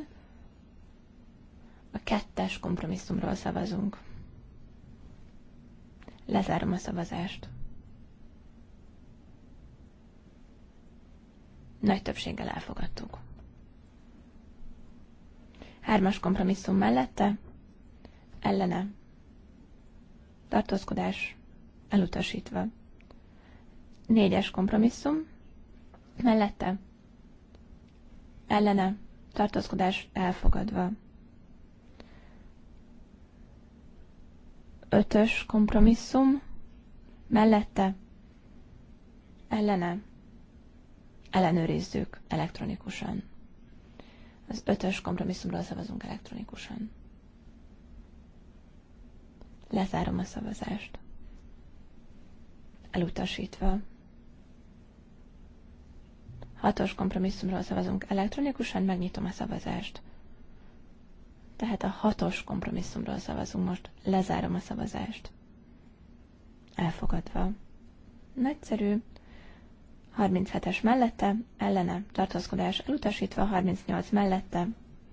S4: A kettes kompromisszumról szavazunk. Lezárom a szavazást. Nagy többséggel elfogadtuk. Hármas kompromisszum mellette, ellene, tartózkodás, elutasítva. Négyes kompromisszum, mellette, ellene, tartózkodás elfogadva. Ötös kompromisszum, mellette, ellene, ellenőrizzük elektronikusan. Az ötös kompromisszumról szavazunk elektronikusan. Lezárom a szavazást elutasítva. Hatos kompromisszumról szavazunk elektronikusan, megnyitom a szavazást. Tehát a hatos kompromisszumról szavazunk most, lezárom a szavazást. Elfogadva. Nagyszerű. 37-es mellette, ellene, tartózkodás elutasítva, 38 mellette,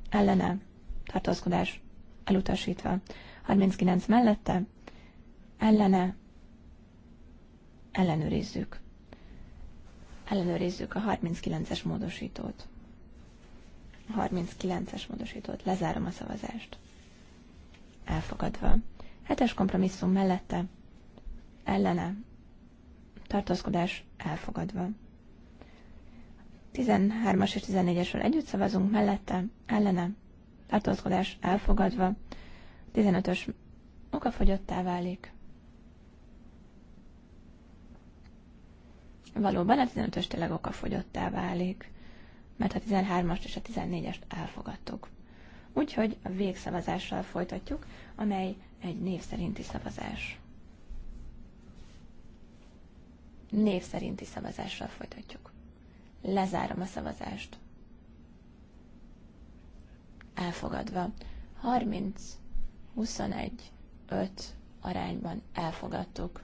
S4: ellene, tartózkodás elutasítva, 39 mellette, ellene, ellenőrizzük. Ellenőrizzük a 39-es módosítót. A 39-es módosítót. Lezárom a szavazást. Elfogadva. Hetes kompromisszum mellette. Ellene. Tartózkodás elfogadva. 13-as és 14-esről együtt szavazunk, mellette, ellene, tartózkodás elfogadva, 15-ös okafogyottá válik. valóban a 15-ös tényleg okafogyottá válik, mert a 13-ast és a 14-est elfogadtuk. Úgyhogy a végszavazással folytatjuk, amely egy név szerinti szavazás. Név szerinti szavazással folytatjuk. Lezárom a szavazást. Elfogadva. 30, 21, 5 arányban elfogadtuk.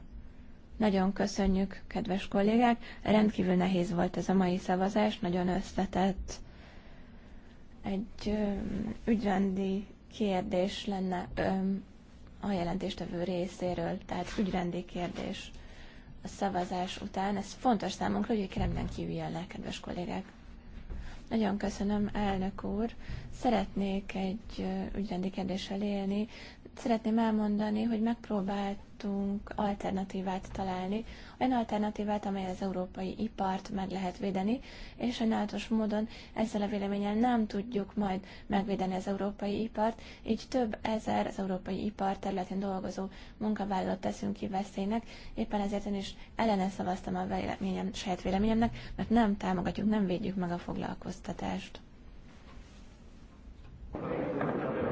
S4: Nagyon köszönjük, kedves kollégák. Rendkívül nehéz volt ez a mai szavazás, nagyon összetett. Egy ügyrendi kérdés lenne a jelentéstevő részéről, tehát ügyrendi kérdés a szavazás után. Ez fontos számunkra, hogy kéremben kívüljen le, kedves kollégák. Nagyon köszönöm, elnök úr. Szeretnék egy ügyrendi kérdéssel élni, szeretném elmondani, hogy megpróbáltunk alternatívát találni, olyan alternatívát, amely az európai ipart meg lehet védeni, és sajnálatos módon ezzel a véleménnyel nem tudjuk majd megvédeni az európai ipart, így több ezer az európai ipar területén dolgozó munkavállalót teszünk ki veszélynek, éppen ezért én is ellene szavaztam a véleményem, saját véleményemnek, mert nem támogatjuk, nem védjük meg a foglalkoztatást. Thank you.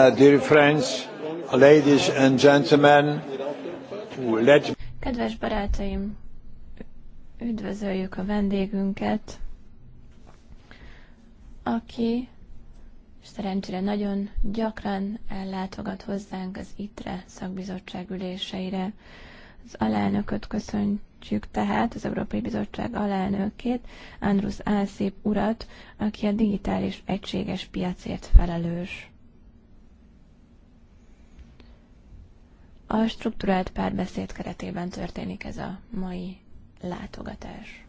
S1: Uh, dear friends, ladies and gentlemen, let...
S4: Kedves barátaim, üdvözöljük a vendégünket, aki szerencsére nagyon gyakran ellátogat hozzánk az ITRE szakbizottság üléseire. Az alelnököt köszöntjük tehát, az Európai Bizottság alelnökét, Andrus Ászép urat, aki a digitális egységes piacért felelős. A struktúrált párbeszéd keretében történik ez a mai látogatás.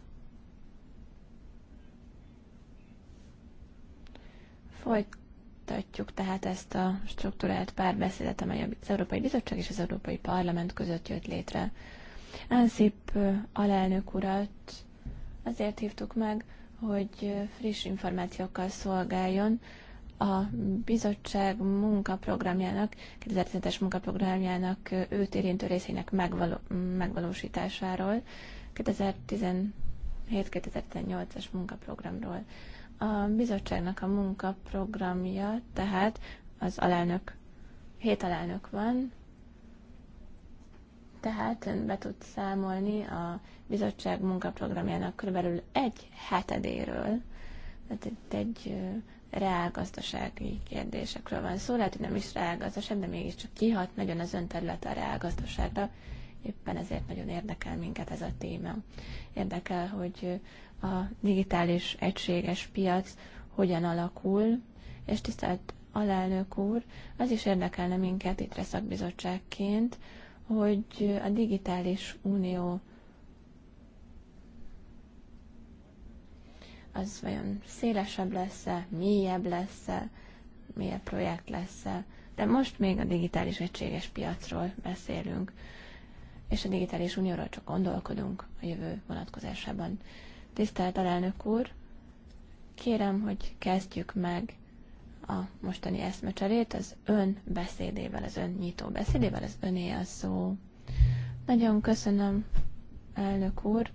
S4: Folytatjuk tehát ezt a struktúrált párbeszédet, amely az Európai Bizottság és az Európai Parlament között jött létre. Ánszip alelnök urat azért hívtuk meg, hogy friss információkkal szolgáljon a bizottság munkaprogramjának, 2017-es munkaprogramjának őt érintő részének megvaló, megvalósításáról, 2017-2018-as munkaprogramról. A bizottságnak a munkaprogramja, tehát az alelnök, hét alelnök van, tehát ön be tud számolni a bizottság munkaprogramjának körülbelül egy hetedéről, tehát itt egy reálgazdasági kérdésekről van szó, lehet, hogy nem is reálgazdaság, de mégiscsak kihat nagyon az ön területe a reálgazdaságra, éppen ezért nagyon érdekel minket ez a téma. Érdekel, hogy a digitális egységes piac hogyan alakul, és tisztelt alelnök úr, az is érdekelne minket itt szakbizottságként, hogy a digitális unió az vajon szélesebb lesz-e, mélyebb lesz-e, mélyebb projekt lesz-e. De most még a digitális egységes piacról beszélünk, és a digitális unióról csak gondolkodunk a jövő vonatkozásában. Tisztelt alelnök úr, kérem, hogy kezdjük meg a mostani eszmecserét az ön beszédével, az ön nyitó beszédével, az öné a szó. Nagyon köszönöm, elnök úr,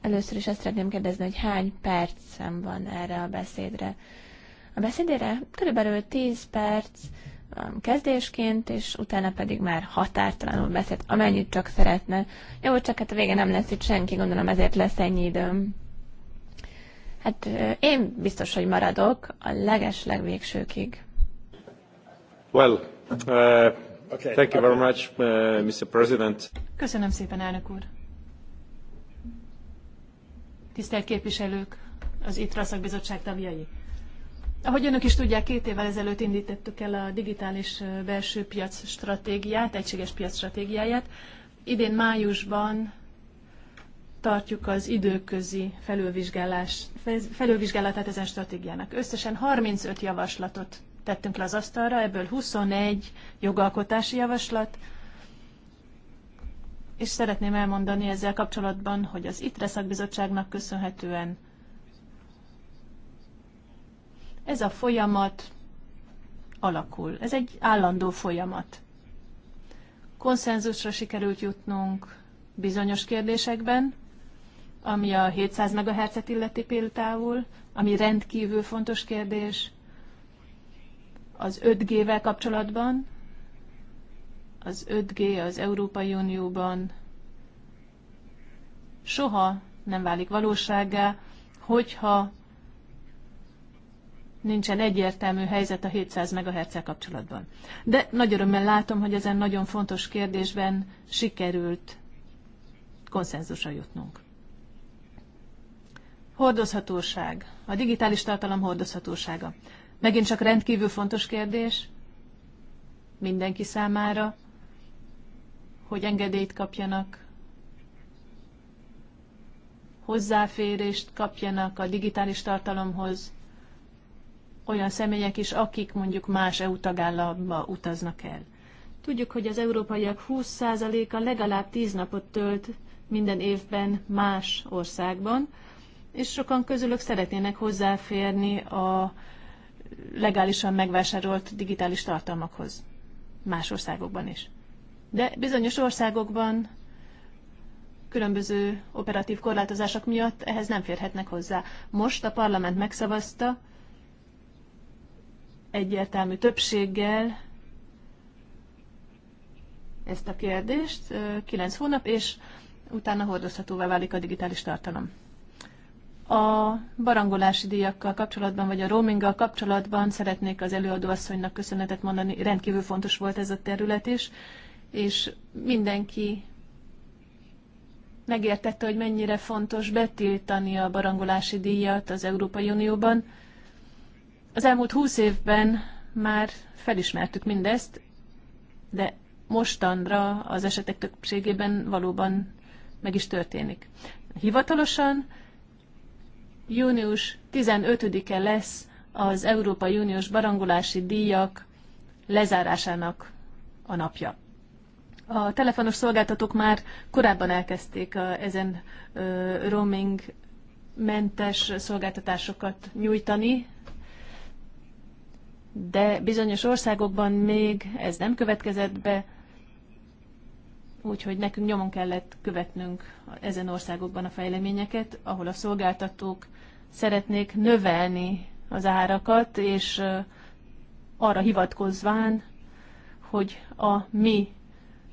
S4: Először is azt szeretném kérdezni, hogy hány percem van erre a beszédre. A beszédére körülbelül 10 perc um, kezdésként, és utána pedig már határtalanul beszélt, amennyit csak szeretne. Jó, csak hát a vége nem lesz itt senki, gondolom ezért lesz ennyi időm. Hát én biztos, hogy maradok a leges legvégsőkig.
S1: Well, uh, okay. thank you very much, uh, Mr. President.
S2: Köszönöm szépen, elnök úr tisztelt képviselők, az ITRA szakbizottság tagjai. Ahogy önök is tudják, két évvel ezelőtt indítettük el a digitális belső piac stratégiát, egységes piac stratégiáját. Idén májusban tartjuk az időközi felülvizsgálás, felülvizsgálatát ezen stratégiának. Összesen 35 javaslatot tettünk le az asztalra, ebből 21 jogalkotási javaslat, és szeretném elmondani ezzel kapcsolatban, hogy az ITRE szakbizottságnak köszönhetően ez a folyamat alakul. Ez egy állandó folyamat. Konszenzusra sikerült jutnunk bizonyos kérdésekben, ami a 700 MHz-et illeti például, ami rendkívül fontos kérdés az 5G-vel kapcsolatban, az 5G az Európai Unióban soha nem válik valósággá, hogyha nincsen egyértelmű helyzet a 700 mhz kapcsolatban. De nagy örömmel látom, hogy ezen nagyon fontos kérdésben sikerült konszenzusra jutnunk. Hordozhatóság. A digitális tartalom hordozhatósága. Megint csak rendkívül fontos kérdés mindenki számára, hogy engedélyt kapjanak, hozzáférést kapjanak a digitális tartalomhoz olyan személyek is, akik mondjuk más EU tagállamba utaznak el. Tudjuk, hogy az európaiak 20%-a legalább 10 napot tölt minden évben más országban, és sokan közülük szeretnének hozzáférni a legálisan megvásárolt digitális tartalmakhoz más országokban is. De bizonyos országokban különböző operatív korlátozások miatt ehhez nem férhetnek hozzá. Most a parlament megszavazta egyértelmű többséggel ezt a kérdést, 9 hónap, és utána hordozhatóvá válik a digitális tartalom. A barangolási díjakkal kapcsolatban, vagy a roaminggal kapcsolatban szeretnék az előadóasszonynak köszönetet mondani, rendkívül fontos volt ez a terület is, és mindenki megértette, hogy mennyire fontos betiltani a barangolási díjat az Európai Unióban. Az elmúlt húsz évben már felismertük mindezt, de mostanra az esetek többségében valóban meg is történik. Hivatalosan június 15-e lesz az Európai Uniós barangolási díjak lezárásának a napja. A telefonos szolgáltatók már korábban elkezdték a, ezen roaming mentes szolgáltatásokat nyújtani, de bizonyos országokban még ez nem következett be, úgyhogy nekünk nyomon kellett követnünk ezen országokban a fejleményeket, ahol a szolgáltatók szeretnék növelni az árakat, és arra hivatkozván, hogy a mi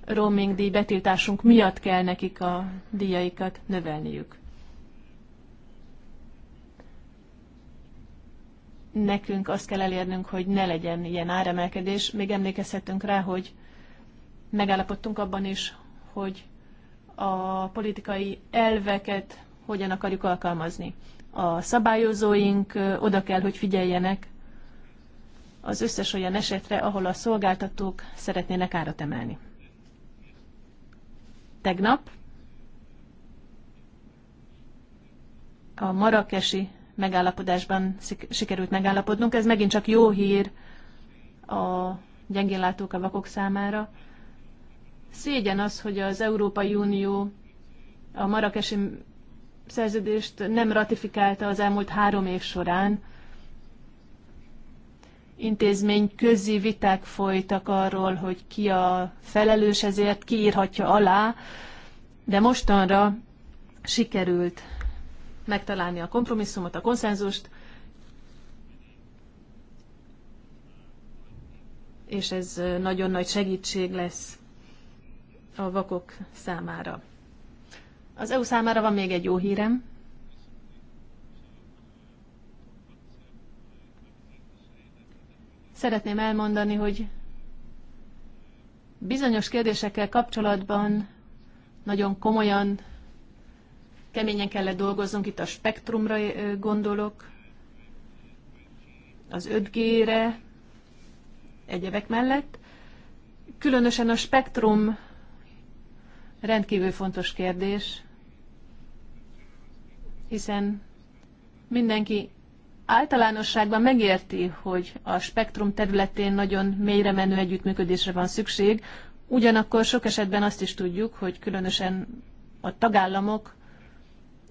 S2: roaming díj betiltásunk miatt kell nekik a díjaikat növelniük. Nekünk azt kell elérnünk, hogy ne legyen ilyen áremelkedés. Még emlékezhetünk rá, hogy megállapodtunk abban is, hogy a politikai elveket hogyan akarjuk alkalmazni. A szabályozóink oda kell, hogy figyeljenek az összes olyan esetre, ahol a szolgáltatók szeretnének árat emelni tegnap a marakesi megállapodásban sikerült megállapodnunk. Ez megint csak jó hír a gyengénlátók, a vakok számára. Szégyen az, hogy az Európai Unió a marakesi szerződést nem ratifikálta az elmúlt három év során, intézmény közi viták folytak arról, hogy ki a felelős ezért, ki írhatja alá, de mostanra sikerült megtalálni a kompromisszumot, a konszenzust, és ez nagyon nagy segítség lesz a vakok számára. Az EU számára van még egy jó hírem, szeretném elmondani, hogy bizonyos kérdésekkel kapcsolatban nagyon komolyan, keményen kellett dolgoznunk, itt a spektrumra eh, gondolok, az 5G-re, egyebek mellett. Különösen a spektrum rendkívül fontos kérdés, hiszen mindenki általánosságban megérti, hogy a spektrum területén nagyon mélyre menő együttműködésre van szükség, ugyanakkor sok esetben azt is tudjuk, hogy különösen a tagállamok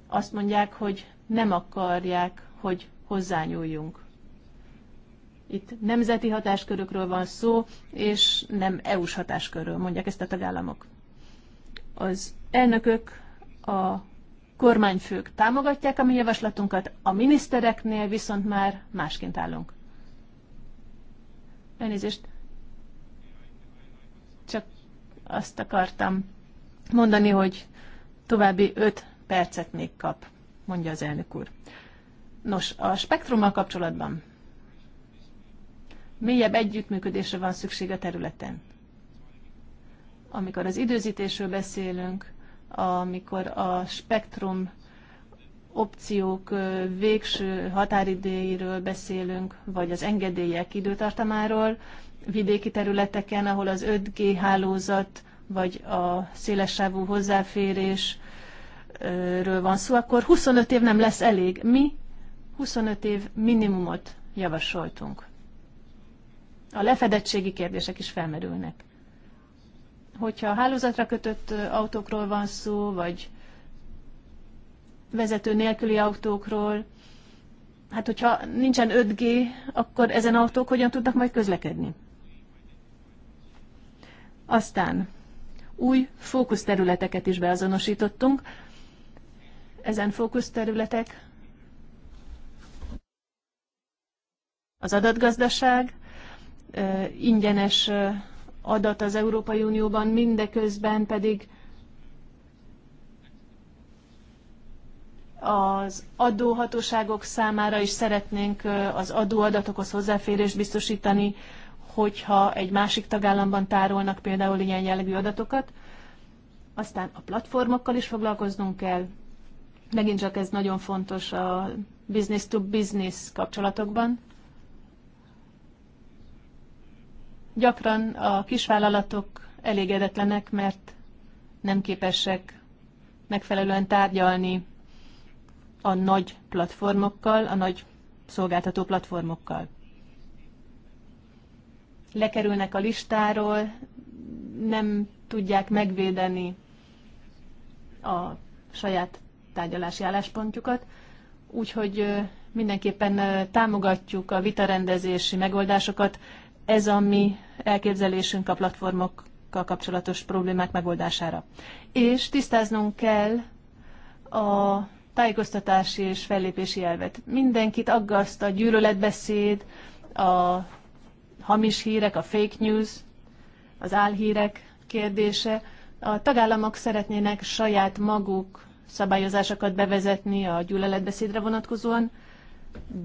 S2: azt mondják, hogy nem akarják, hogy hozzányúljunk. Itt nemzeti hatáskörökről van szó, és nem EU-s hatáskörről, mondják ezt a tagállamok. Az elnökök a kormányfők támogatják a mi javaslatunkat, a minisztereknél viszont már másként állunk. Elnézést. Csak azt akartam mondani, hogy további 5 percet még kap, mondja az elnök úr. Nos, a spektrummal kapcsolatban mélyebb együttműködésre van szükség a területen. Amikor az időzítésről beszélünk, amikor a spektrum opciók végső határidéiről beszélünk, vagy az engedélyek időtartamáról, vidéki területeken, ahol az 5G hálózat vagy a szélessávú hozzáférésről van szó, akkor 25 év nem lesz elég. Mi 25 év minimumot javasoltunk. A lefedettségi kérdések is felmerülnek hogyha a hálózatra kötött autókról van szó, vagy vezető nélküli autókról, hát hogyha nincsen 5G, akkor ezen autók hogyan tudnak majd közlekedni? Aztán új fókuszterületeket is beazonosítottunk. Ezen fókuszterületek az adatgazdaság, ingyenes adat az Európai Unióban, mindeközben pedig az adóhatóságok számára is szeretnénk az adóadatokhoz hozzáférést biztosítani, hogyha egy másik tagállamban tárolnak például ilyen jellegű adatokat. Aztán a platformokkal is foglalkoznunk kell. Megint csak ez nagyon fontos a business-to-business business kapcsolatokban. Gyakran a kisvállalatok elégedetlenek, mert nem képesek megfelelően tárgyalni a nagy platformokkal, a nagy szolgáltató platformokkal. Lekerülnek a listáról, nem tudják megvédeni a saját tárgyalási álláspontjukat, úgyhogy mindenképpen támogatjuk a vitarendezési megoldásokat, ez a mi elképzelésünk a platformokkal kapcsolatos problémák megoldására. És tisztáznunk kell a tájékoztatási és fellépési elvet. Mindenkit aggaszt a gyűlöletbeszéd, a hamis hírek, a fake news, az álhírek kérdése. A tagállamok szeretnének saját maguk szabályozásokat bevezetni a gyűlöletbeszédre vonatkozóan,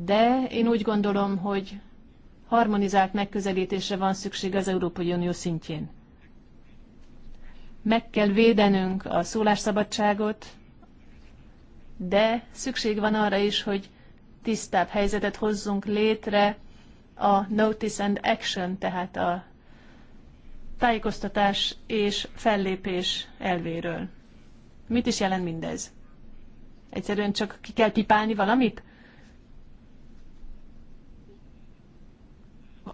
S2: de én úgy gondolom, hogy harmonizált megközelítésre van szükség az Európai Unió szintjén. Meg kell védenünk a szólásszabadságot, de szükség van arra is, hogy tisztább helyzetet hozzunk létre a notice and action, tehát a tájékoztatás és fellépés elvéről. Mit is jelent mindez? Egyszerűen csak ki kell pipálni valamit?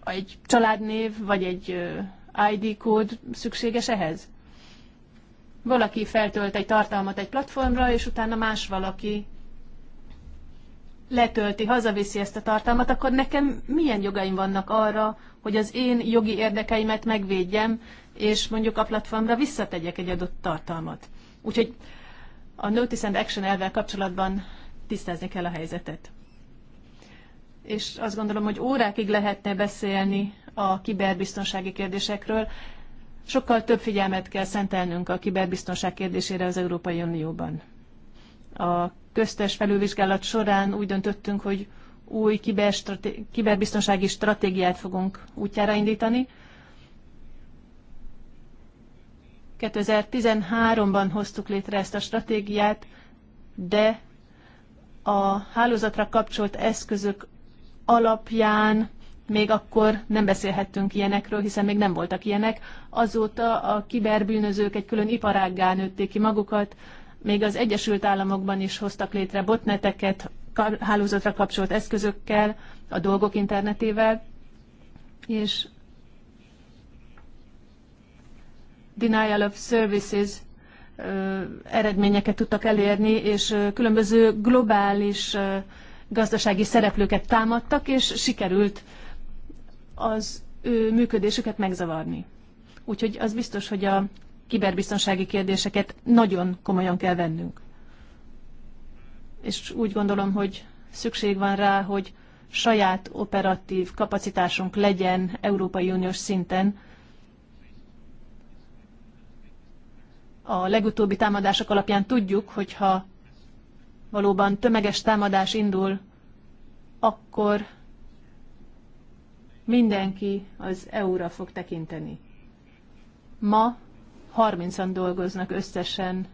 S2: egy családnév vagy egy ID kód szükséges ehhez? Valaki feltölt egy tartalmat egy platformra, és utána más valaki letölti, hazaviszi ezt a tartalmat, akkor nekem milyen jogaim vannak arra, hogy az én jogi érdekeimet megvédjem, és mondjuk a platformra visszategyek egy adott tartalmat. Úgyhogy a Notice and Action elvel kapcsolatban tisztázni kell a helyzetet és azt gondolom, hogy órákig lehetne beszélni a kiberbiztonsági kérdésekről. Sokkal több figyelmet kell szentelnünk a kiberbiztonság kérdésére az Európai Unióban. A köztes felülvizsgálat során úgy döntöttünk, hogy új kiberstraté- kiberbiztonsági stratégiát fogunk útjára indítani. 2013-ban hoztuk létre ezt a stratégiát, de a hálózatra kapcsolt eszközök alapján még akkor nem beszélhettünk ilyenekről, hiszen még nem voltak ilyenek. Azóta a kiberbűnözők egy külön iparággá nőtték ki magukat, még az Egyesült Államokban is hoztak létre botneteket, hálózatra kapcsolt eszközökkel, a dolgok internetével, és denial of services eredményeket tudtak elérni, és különböző globális gazdasági szereplőket támadtak, és sikerült az ő működésüket megzavarni. Úgyhogy az biztos, hogy a kiberbiztonsági kérdéseket nagyon komolyan kell vennünk. És úgy gondolom, hogy szükség van rá, hogy saját operatív kapacitásunk legyen Európai Uniós szinten. A legutóbbi támadások alapján tudjuk, hogyha valóban tömeges támadás indul, akkor mindenki az EU-ra fog tekinteni. Ma 30-an dolgoznak összesen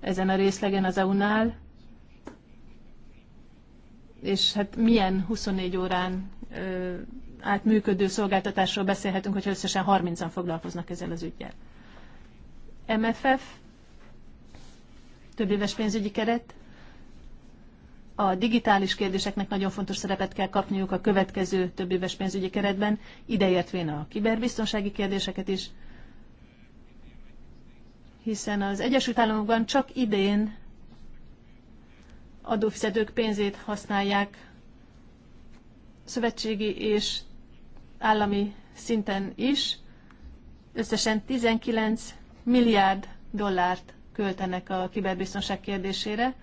S2: ezen a részlegen az EU-nál, és hát milyen 24 órán ö, át működő szolgáltatásról beszélhetünk, hogyha összesen 30-an foglalkoznak ezzel az ügyjel. MFF több éves pénzügyi keret. A digitális kérdéseknek nagyon fontos szerepet kell kapniuk a következő több éves pénzügyi keretben, ideértvén a kiberbiztonsági kérdéseket is, hiszen az Egyesült Államokban csak idén adófizetők pénzét használják szövetségi és állami szinten is, összesen 19 milliárd dollárt költenek a kiberbiztonság kérdésére.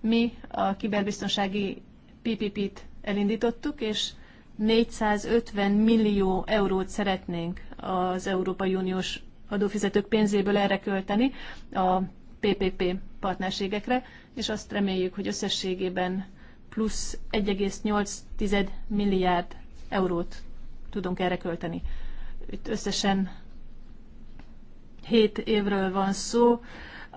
S2: Mi a kiberbiztonsági PPP-t elindítottuk, és 450 millió eurót szeretnénk az Európai Uniós adófizetők pénzéből erre költeni a PPP partnerségekre, és azt reméljük, hogy összességében plusz 1,8 milliárd eurót tudunk erre költeni. Itt összesen 7 évről van szó,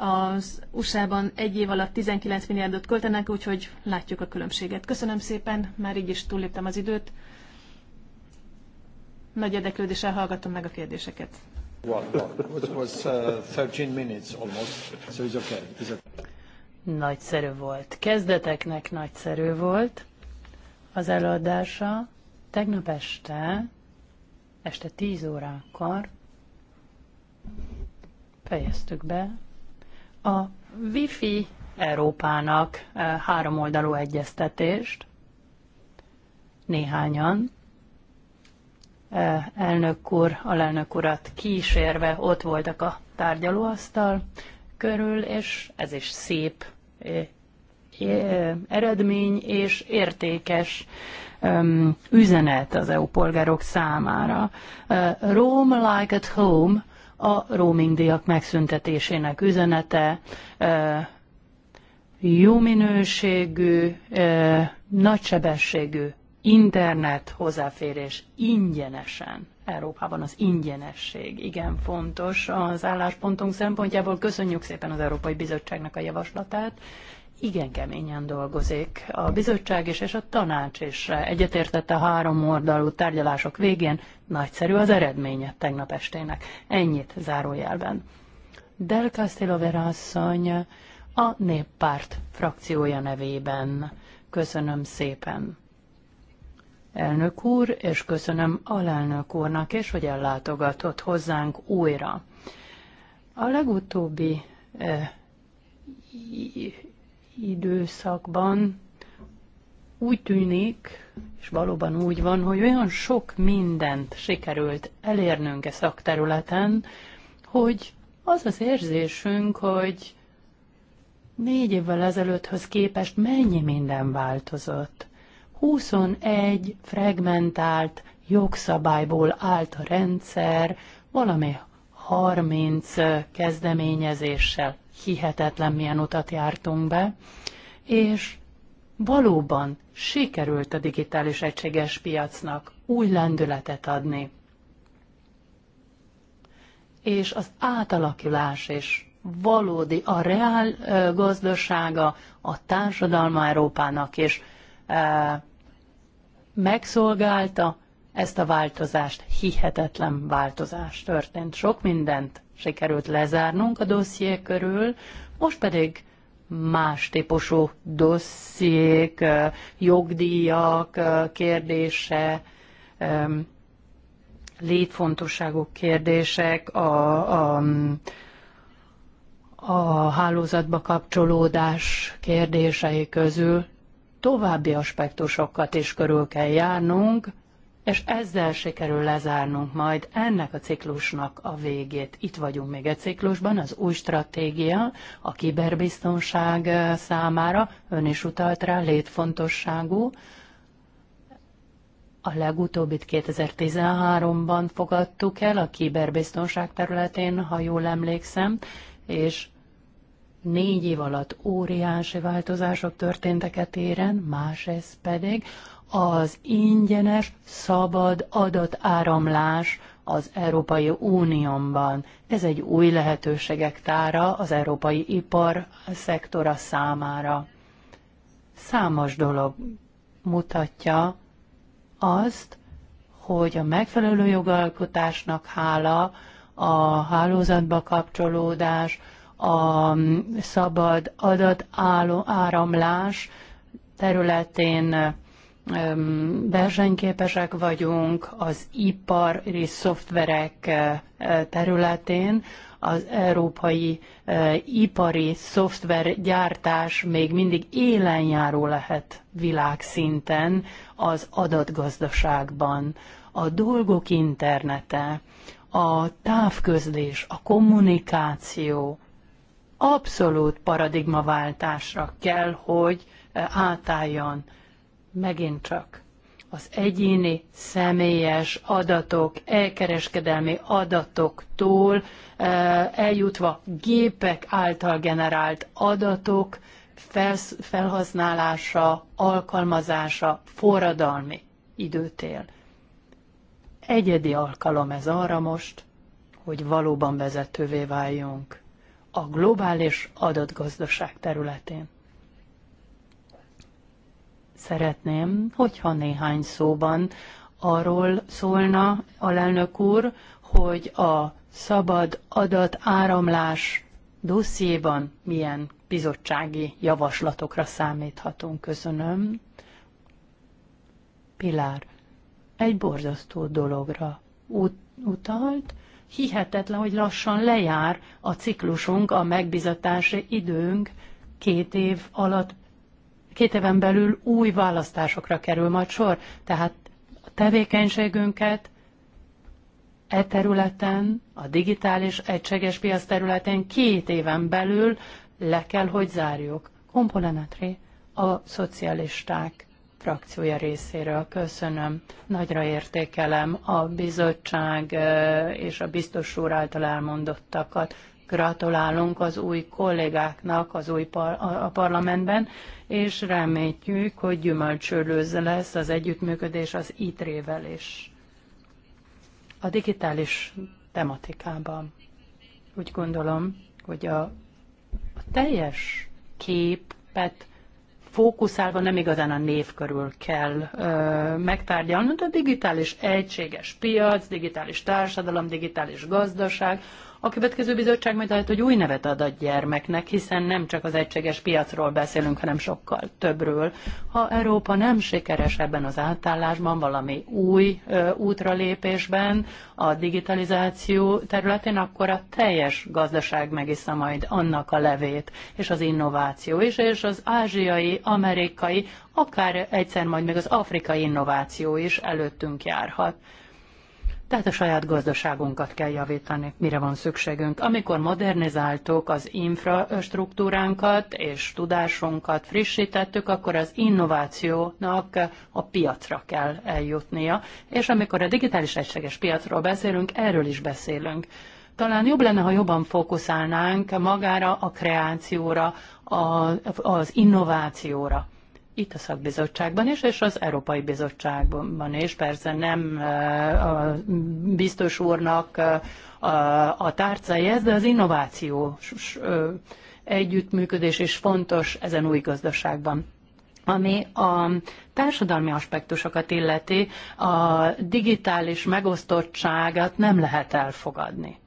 S2: az USA-ban egy év alatt 19 milliárdot költenek, úgyhogy látjuk a különbséget. Köszönöm szépen, már így is túlléptem az időt. Nagy érdeklődéssel hallgatom meg a kérdéseket. Uh, nagyszerű volt.
S3: Kezdeteknek nagyszerű volt az előadása. Tegnap este, este 10 órakor fejeztük be a Wi-Fi Európának eh, háromoldalú egyeztetést, néhányan, eh, elnök úr, alelnök urat kísérve ott voltak a tárgyalóasztal körül, és ez is szép eh, eredmény és értékes üzenet az EU polgárok számára. Rome like at home a roaming díjak megszüntetésének üzenete, jó minőségű, nagysebességű internet hozzáférés ingyenesen. Európában az ingyenesség igen fontos az álláspontunk szempontjából. Köszönjük szépen az Európai Bizottságnak a javaslatát, igen keményen dolgozik. A bizottság is és a tanács is egyetértett a három oldalú tárgyalások végén. Nagyszerű az eredménye tegnap estének. Ennyit zárójelben. Del Castillo asszony a néppárt frakciója nevében. Köszönöm szépen. Elnök úr, és köszönöm alelnök úrnak is, hogy ellátogatott hozzánk újra. A legutóbbi eh, időszakban úgy tűnik, és valóban úgy van, hogy olyan sok mindent sikerült elérnünk e szakterületen, hogy az az érzésünk, hogy négy évvel ezelőtthöz képest mennyi minden változott. 21 fragmentált jogszabályból állt a rendszer, valami 30 kezdeményezéssel hihetetlen milyen utat jártunk be, és valóban sikerült a digitális egységes piacnak új lendületet adni. És az átalakulás és valódi, a reál gazdasága, a társadalma Európának is megszolgálta ezt a változást, hihetetlen változást történt. Sok mindent sikerült lezárnunk a dosszié körül, most pedig más típusú dossziék, jogdíjak kérdése, létfontosságú kérdések, a, a, a hálózatba kapcsolódás kérdései közül további aspektusokat is körül kell járnunk, és ezzel sikerül lezárnunk majd ennek a ciklusnak a végét. Itt vagyunk még egy ciklusban, az új stratégia a kiberbiztonság számára, ön is utalt rá, létfontosságú. A legutóbbit 2013-ban fogadtuk el a kiberbiztonság területén, ha jól emlékszem, és négy év alatt óriási változások történtek e éren, másrészt pedig az ingyenes, szabad adatáramlás az Európai Unióban. Ez egy új lehetőségek tára az európai ipar szektora számára. Számos dolog mutatja azt, hogy a megfelelő jogalkotásnak hála a hálózatba kapcsolódás, a szabad adatáramlás területén versenyképesek vagyunk az ipar és szoftverek területén, az európai ipari szoftvergyártás még mindig élenjáró lehet világszinten az adatgazdaságban. A dolgok internete, a távközlés, a kommunikáció abszolút paradigmaváltásra kell, hogy átálljon megint csak az egyéni személyes adatok, elkereskedelmi adatoktól e, eljutva gépek által generált adatok felhasználása, alkalmazása, forradalmi időtél. Egyedi alkalom ez arra most, hogy valóban vezetővé váljunk a globális adatgazdaság területén. Szeretném, hogyha néhány szóban arról szólna alelnök úr, hogy a szabad adatáramlás dossziéban milyen bizottsági javaslatokra számíthatunk. Köszönöm. Pilár, egy borzasztó dologra ut- utalt, hihetetlen, hogy lassan lejár a ciklusunk, a megbizatási időnk két év alatt két éven belül új választásokra kerül majd sor, tehát a tevékenységünket e területen, a digitális egységes piac területén két éven belül le kell, hogy zárjuk. Komponenetré a szocialisták frakciója részéről. Köszönöm. Nagyra értékelem a bizottság és a biztos úr által elmondottakat. Gratulálunk az új kollégáknak az új par- a parlamentben, és reméljük, hogy gyümölcsölőző lesz az együttműködés az ITRÉ-vel is. A digitális tematikában úgy gondolom, hogy a, a teljes képet fókuszálva nem igazán a név körül kell ö, megtárgyalni, de digitális egységes piac, digitális társadalom, digitális gazdaság, a következő bizottság majd lehet, hogy új nevet ad a gyermeknek, hiszen nem csak az egységes piacról beszélünk, hanem sokkal többről. Ha Európa nem sikeres ebben az átállásban, valami új ö, útralépésben a digitalizáció területén, akkor a teljes gazdaság megissza majd annak a levét, és az innováció is, és az ázsiai, amerikai, akár egyszer majd még az afrikai innováció is előttünk járhat. Tehát a saját gazdaságunkat kell javítani, mire van szükségünk. Amikor modernizáltuk az infrastruktúránkat és tudásunkat frissítettük, akkor az innovációnak a piacra kell eljutnia. És amikor a digitális egységes piacról beszélünk, erről is beszélünk. Talán jobb lenne, ha jobban fókuszálnánk magára, a kreációra, a, az innovációra itt a szakbizottságban is, és az Európai Bizottságban is. Persze nem a biztos úrnak a tárcai ez, de az innovációs együttműködés is fontos ezen új gazdaságban. Ami a társadalmi aspektusokat illeti, a digitális megosztottságát nem lehet elfogadni.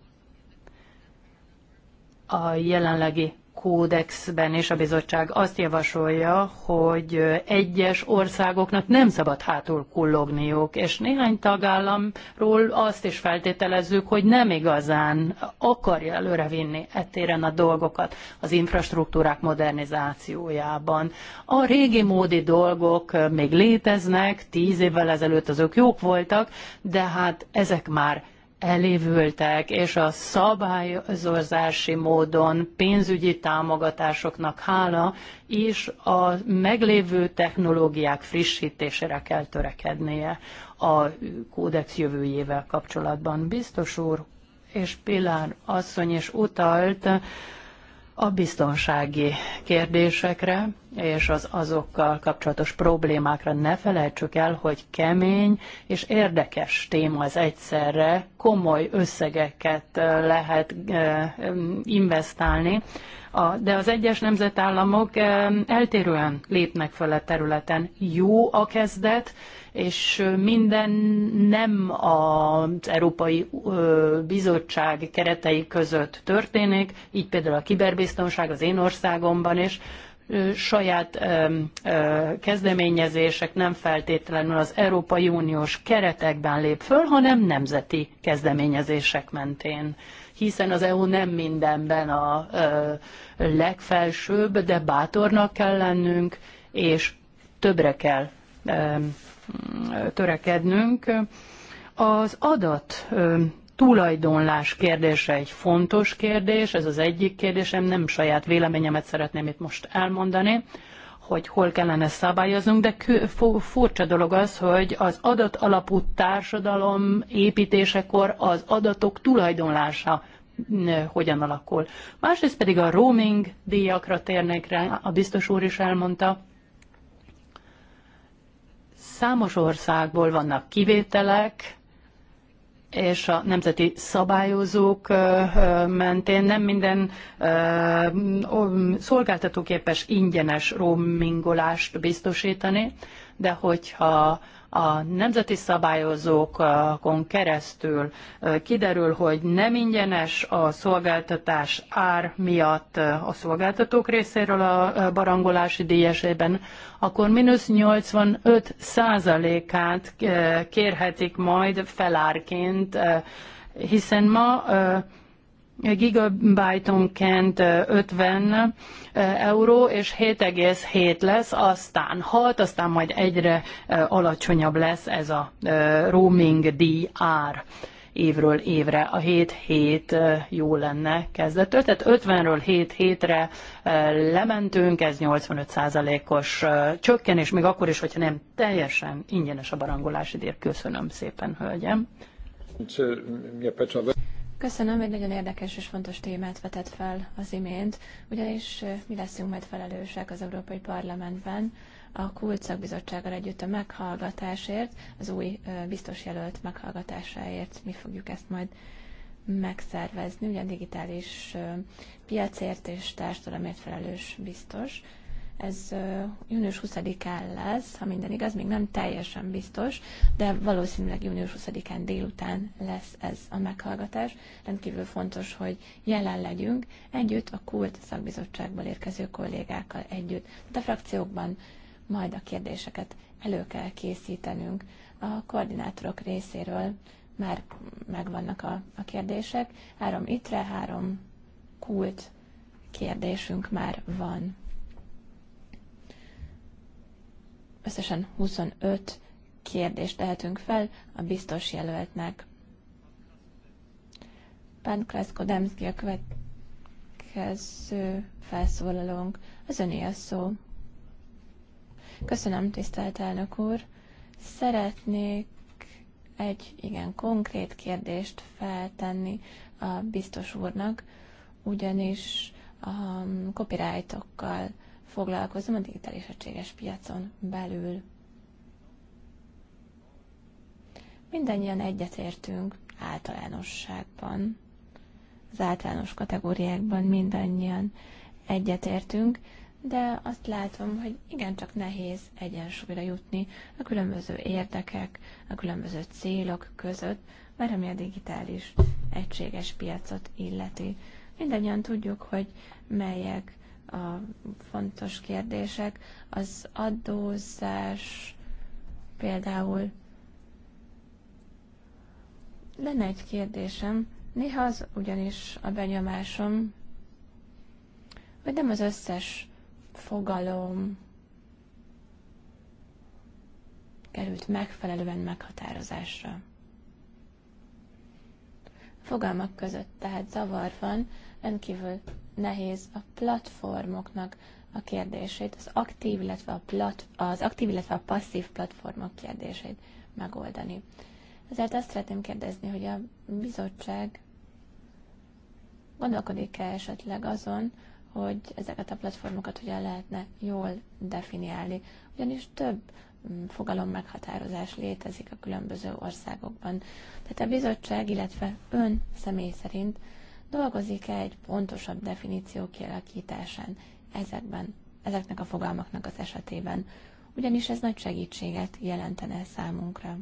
S3: A jelenlegi kódexben és a bizottság azt javasolja, hogy egyes országoknak nem szabad hátul kullogniuk, és néhány tagállamról azt is feltételezzük, hogy nem igazán akarja előrevinni ettéren a dolgokat az infrastruktúrák modernizációjában. A régi módi dolgok még léteznek, tíz évvel ezelőtt azok jók voltak, de hát ezek már elévültek, és a szabályozási módon pénzügyi támogatásoknak hála is a meglévő technológiák frissítésére kell törekednie a kódex jövőjével kapcsolatban. Biztos úr és Pilár asszony is utalt a biztonsági kérdésekre és az azokkal kapcsolatos problémákra ne felejtsük el, hogy kemény és érdekes téma az egyszerre, komoly összegeket lehet investálni, de az egyes nemzetállamok eltérően lépnek fel a területen. Jó a kezdet, és minden nem az Európai Bizottság keretei között történik, így például a kiberbiztonság az én országomban is, saját kezdeményezések nem feltétlenül az Európai Uniós keretekben lép föl, hanem nemzeti kezdeményezések mentén. Hiszen az EU nem mindenben a ö, legfelsőbb, de bátornak kell lennünk, és többre kell törekednünk. Az adat tulajdonlás kérdése egy fontos kérdés, ez az egyik kérdésem, nem saját véleményemet szeretném itt most elmondani, hogy hol kellene szabályoznunk, de furcsa dolog az, hogy az adat alapú társadalom építésekor az adatok tulajdonlása hogyan alakul. Másrészt pedig a roaming díjakra térnék rá, a biztos úr is elmondta, Számos országból vannak kivételek, és a nemzeti szabályozók mentén nem minden szolgáltató képes ingyenes roamingolást biztosítani, de hogyha a nemzeti szabályozókon keresztül kiderül, hogy nem ingyenes a szolgáltatás ár miatt a szolgáltatók részéről a barangolási díj esetben, akkor mínusz 85 százalékát kérhetik majd felárként, hiszen ma gigabyte-onként 50 euró, és 7,7 lesz, aztán 6, aztán majd egyre alacsonyabb lesz ez a roaming díj ár évről évre. A 7-7 jó lenne kezdettől, tehát 50-ről 7-7-re lementünk, ez 85%-os csökkenés, még akkor is, hogyha nem teljesen ingyenes a barangolási díj. Köszönöm szépen,
S4: hölgyem. Köszönöm, egy nagyon érdekes és fontos témát vetett fel az imént, ugyanis mi leszünk majd felelősek az Európai Parlamentben a Kult Szakbizottsággal együtt a meghallgatásért, az új biztos jelölt meghallgatásáért mi fogjuk ezt majd megszervezni, ugye a digitális piacért és társadalomért felelős biztos ez június 20-án lesz, ha minden igaz, még nem teljesen biztos, de valószínűleg június 20-án délután lesz ez a meghallgatás. Rendkívül fontos, hogy jelen legyünk együtt a KULT szakbizottságból érkező kollégákkal együtt. De a frakciókban majd a kérdéseket elő kell készítenünk. A koordinátorok részéről már megvannak a, a kérdések. Három itre, három kult kérdésünk már van. összesen 25 kérdést tehetünk fel a biztos jelöltnek. Pán Demszki a következő felszólalónk. Az öné a szó. Köszönöm, tisztelt elnök úr. Szeretnék egy igen konkrét kérdést feltenni a biztos úrnak, ugyanis a copyrightokkal foglalkozom a digitális egységes piacon belül. Mindannyian egyetértünk általánosságban, az általános kategóriákban mindannyian egyetértünk, de azt látom, hogy igencsak nehéz egyensúlyra jutni a különböző érdekek, a különböző célok között, mert ami a digitális egységes piacot illeti. Mindannyian tudjuk, hogy melyek a fontos kérdések. Az adózás például. Lenne egy kérdésem. Néha az ugyanis a benyomásom, hogy nem az összes fogalom került megfelelően meghatározásra. fogalmak között tehát zavar van, rendkívül nehéz a platformoknak a kérdését, az aktív, illetve a, plat, az aktív, illetve a passzív platformok kérdését megoldani. Ezért azt szeretném kérdezni, hogy a bizottság gondolkodik-e esetleg azon, hogy ezeket a platformokat hogyan lehetne jól definiálni. Ugyanis több mm, fogalom meghatározás létezik a különböző országokban. Tehát a bizottság, illetve ön személy szerint dolgozik -e egy pontosabb definíció kialakításán ezekben, ezeknek a fogalmaknak az esetében, ugyanis ez nagy segítséget jelentene számunkra.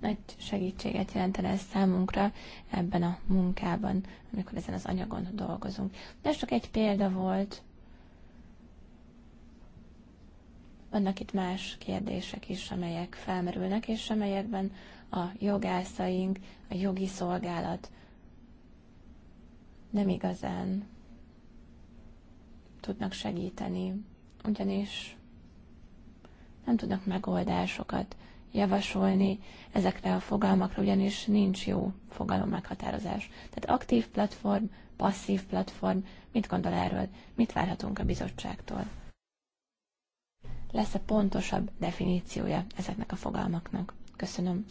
S4: Nagy segítséget jelentene ez számunkra ebben a munkában, amikor ezen az anyagon dolgozunk. De ez csak egy példa volt, vannak itt más kérdések is, amelyek felmerülnek, és amelyekben a jogászaink, a jogi szolgálat nem igazán tudnak segíteni, ugyanis nem tudnak megoldásokat javasolni ezekre a fogalmakra, ugyanis nincs jó fogalom meghatározás. Tehát aktív platform, passzív platform, mit gondol erről, mit várhatunk a bizottságtól? Lesz-e pontosabb definíciója ezeknek a fogalmaknak? Köszönöm.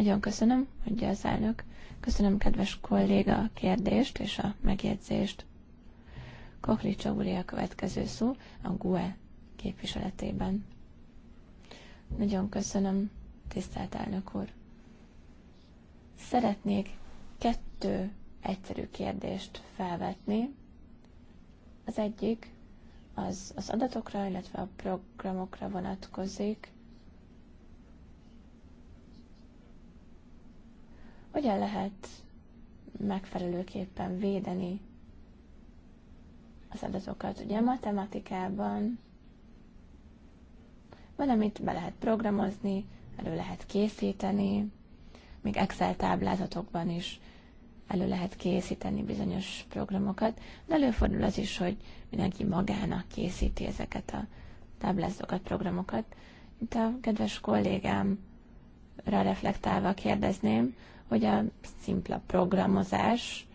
S4: Nagyon köszönöm, mondja az elnök. Köszönöm, kedves kolléga, a kérdést és a megjegyzést. Kohlicsa úré a következő szó a GUE képviseletében. Nagyon köszönöm, tisztelt elnök úr. Szeretnék kettő egyszerű kérdést felvetni. Az egyik az, az adatokra, illetve a programokra vonatkozik. Hogyan lehet megfelelőképpen védeni az adatokat? Ugye a matematikában van, amit be lehet programozni, elő lehet készíteni, még Excel táblázatokban is elő lehet készíteni bizonyos programokat, de előfordul az is, hogy mindenki magának készíti ezeket a táblázatokat, programokat. Itt a kedves kollégámra reflektálva kérdezném, hogy a szimpla programozás,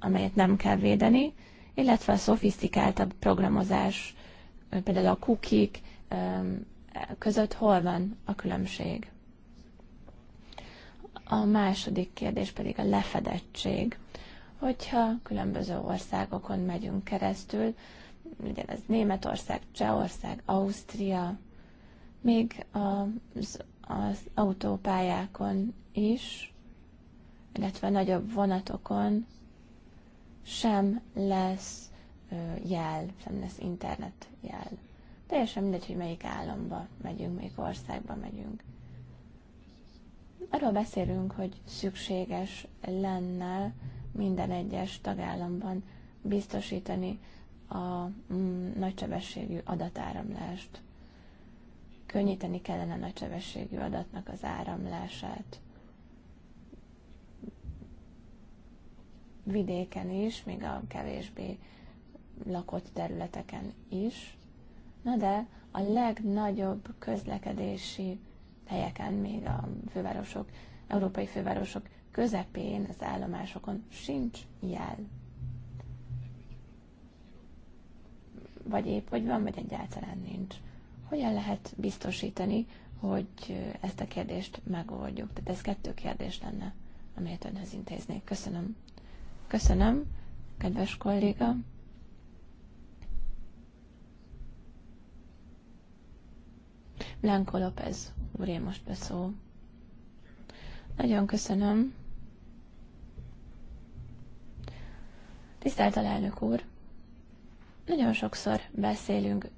S4: amelyet nem kell védeni, illetve a szofisztikáltabb programozás, például a kukik között hol van a különbség. A második kérdés pedig a lefedettség. Hogyha különböző országokon megyünk keresztül, ugye ez Németország, Csehország, Ausztria, még az, az autópályákon is, illetve nagyobb vonatokon sem lesz jel, sem lesz internet jel. Teljesen mindegy, hogy melyik államba megyünk, melyik országba megyünk. Arról beszélünk, hogy szükséges lenne minden egyes tagállamban biztosítani a mm, nagysebességű adatáramlást. Könnyíteni kellene a nagysebességű adatnak az áramlását. vidéken is, még a kevésbé lakott területeken is. Na de a legnagyobb közlekedési helyeken, még a fővárosok, európai fővárosok közepén, az állomásokon sincs jel. Vagy épp, hogy van, vagy egyáltalán nincs. Hogyan lehet biztosítani, hogy ezt a kérdést megoldjuk? Tehát ez kettő kérdés lenne, amelyet önhöz intéznék. Köszönöm. Köszönöm, kedves kolléga. Blanco López úr, én most beszól. Nagyon köszönöm. Tisztelt alelnök úr! Nagyon sokszor beszélünk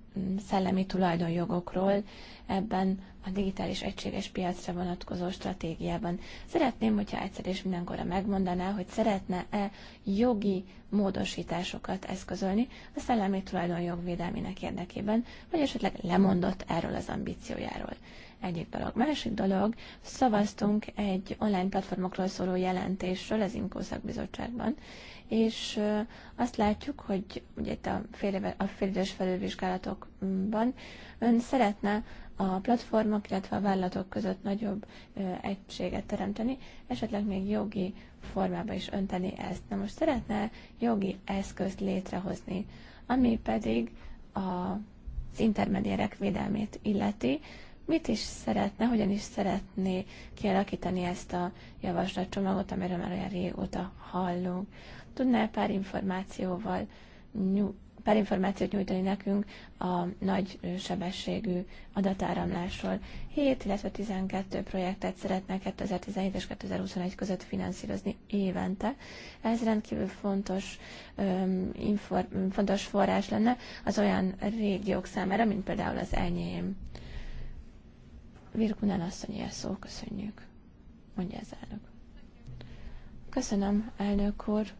S4: szellemi tulajdonjogokról ebben a digitális egységes piacra vonatkozó stratégiában. Szeretném, hogyha egyszer és mindenkorra megmondaná, hogy szeretne-e jogi módosításokat eszközölni a szellemi tulajdonjog védelmének érdekében, vagy esetleg lemondott erről az ambíciójáról egyik dolog. Másik dolog, szavaztunk egy online platformokról szóló jelentésről az Inkó szakbizottságban, és azt látjuk, hogy ugye itt a, félidős felülvizsgálatokban ön szeretne a platformok, illetve a vállalatok között nagyobb egységet teremteni, esetleg még jogi formába is önteni ezt. Na most szeretne jogi eszközt létrehozni, ami pedig a, az intermediérek védelmét illeti, mit is szeretne, hogyan is szeretné kialakítani ezt a javaslatcsomagot, amiről már olyan régóta hallunk tudnál -e pár információval pár információt nyújtani nekünk a nagy sebességű adatáramlásról. 7, illetve 12 projektet szeretnek 2017 és 2021 között finanszírozni évente. Ez rendkívül fontos, um, infor, fontos forrás lenne az olyan régiók számára, mint például az enyém. Virkunán asszony szó, köszönjük, mondja az elnök. Köszönöm, elnök úr.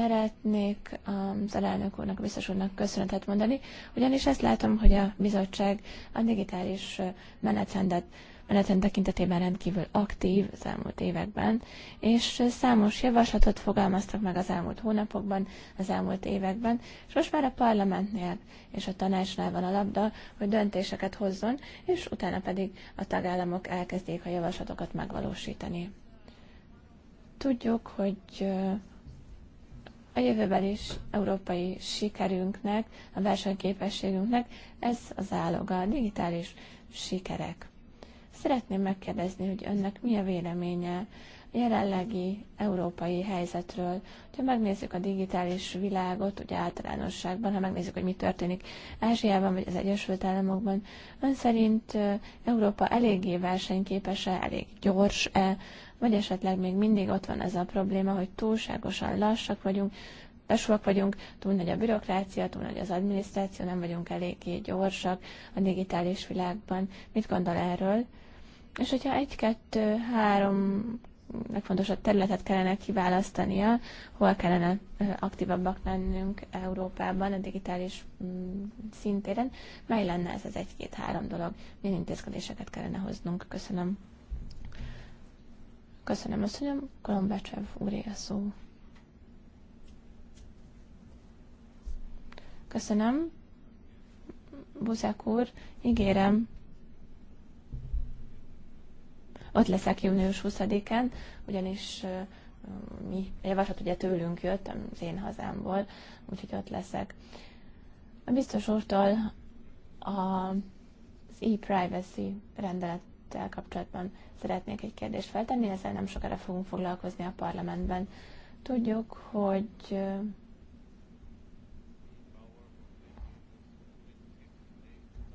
S4: Szeretnék um, az alelnök úrnak, biztos úrnak köszönetet mondani, ugyanis ezt látom, hogy a bizottság a digitális menetrendet menetrend tekintetében rendkívül aktív az elmúlt években, és számos javaslatot fogalmaztak meg az elmúlt hónapokban, az elmúlt években, és most már a parlamentnél és a tanácsnál van a labda, hogy döntéseket hozzon, és utána pedig a tagállamok elkezdjék a javaslatokat megvalósítani. Tudjuk, hogy a jövőben is európai sikerünknek, a versenyképességünknek ez az áloga, a digitális sikerek. Szeretném megkérdezni, hogy önnek mi a véleménye a jelenlegi európai helyzetről. Ha megnézzük a digitális világot, ugye általánosságban, ha megnézzük, hogy mi történik Ázsiában vagy az Egyesült Államokban, ön szerint Európa eléggé versenyképes-e, elég gyors-e vagy esetleg még mindig ott van ez a probléma, hogy túlságosan lassak vagyunk, lassúak vagyunk, túl nagy a bürokrácia, túl nagy az adminisztráció, nem vagyunk eléggé gyorsak a digitális világban. Mit gondol erről? És hogyha egy-kettő-három legfontosabb területet kellene kiválasztania, hol kellene aktívabbak lennünk Európában a digitális mm, szintéren, mely lenne ez az egy-két-három dolog, milyen intézkedéseket kellene hoznunk. Köszönöm. Köszönöm, asszonyom. Kolombácsev úré a szó. Köszönöm. Buzák úr, ígérem. Ott leszek június 20-án, ugyanis mi, javaslat ugye tőlünk jött, az én hazámból, úgyhogy ott leszek. A biztos úrtól a, az e-privacy rendelet ezzel kapcsolatban szeretnék egy kérdést feltenni, ezzel nem sokára fogunk foglalkozni a parlamentben. Tudjuk, hogy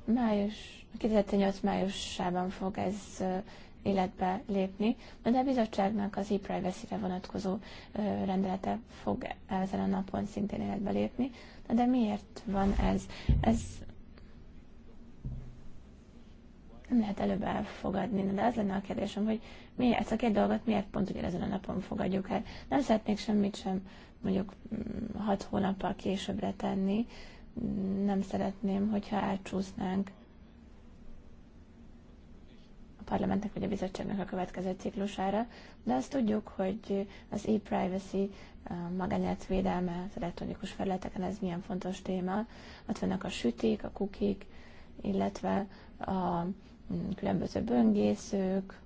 S4: május, 2018 májusában fog ez életbe lépni, de a bizottságnak az e-privacy-re vonatkozó rendelete fog ezen a napon szintén életbe lépni. de miért van ez? Ez nem lehet előbb elfogadni. De az lenne a kérdésem, hogy mi ezt a két dolgot miért pont ugyanezen a napon fogadjuk el. Nem szeretnék semmit sem mondjuk mm, hat hónappal későbbre tenni. Nem szeretném, hogyha elcsúsznánk a parlamentnek vagy a bizottságnak a következő ciklusára, de azt tudjuk, hogy az e-privacy magánélet védelme az elektronikus felületeken, ez milyen fontos téma. Ott vannak a sütik, a kukik, illetve a különböző böngészők,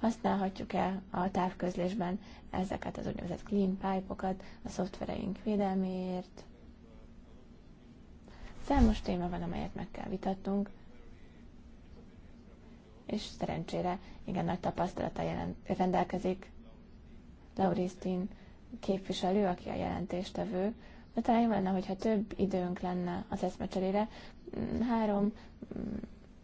S4: használhatjuk-e a távközlésben ezeket az úgynevezett clean pipe-okat a szoftvereink védelméért. Számos szóval téma van, amelyet meg kell vitatnunk, és szerencsére igen nagy tapasztalata jelent, rendelkezik Lauristin képviselő, aki a jelentéstevő, de talán jó lenne, hogyha több időnk lenne az eszmecserére, három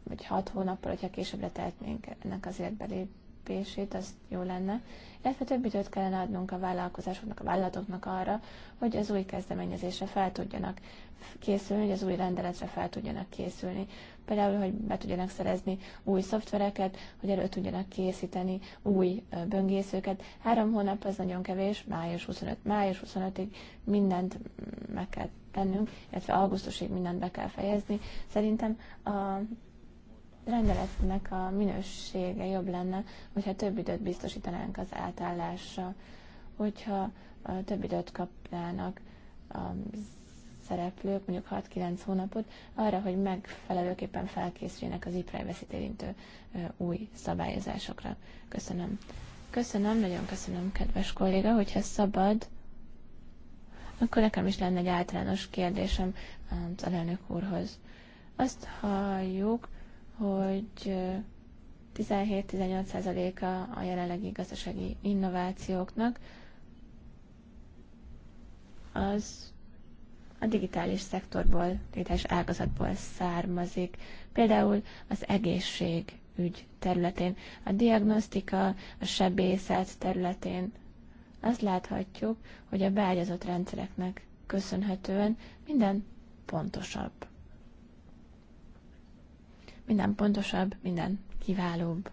S4: vagy hat hónappal, hogyha később letehetnénk ennek az életbeli fellépését, az jó lenne, illetve több időt kellene adnunk a vállalkozásoknak, a vállalatoknak arra, hogy az új kezdeményezésre fel tudjanak készülni, hogy az új rendeletre fel tudjanak készülni. Például, hogy be tudjanak szerezni új szoftvereket, hogy elő tudjanak készíteni új böngészőket. Három hónap az nagyon kevés, május 25, május 25-ig mindent meg kell tennünk, illetve augusztusig mindent be kell fejezni. Szerintem a rendeletnek a minősége jobb lenne, hogyha több időt biztosítanánk az átállásra, hogyha több időt kapnának a szereplők, mondjuk 6-9 hónapot, arra, hogy megfelelőképpen felkészüljenek az e-privacy érintő új szabályozásokra. Köszönöm. Köszönöm, nagyon köszönöm, kedves kolléga, hogyha szabad, akkor nekem is lenne egy általános kérdésem az elnök úrhoz. Azt halljuk, hogy 17-18%-a a jelenlegi gazdasági innovációknak az a digitális szektorból, digitális ágazatból származik. Például az egészségügy területén, a diagnosztika, a sebészet területén azt láthatjuk, hogy a beágyazott rendszereknek köszönhetően minden pontosabb minden pontosabb, minden kiválóbb.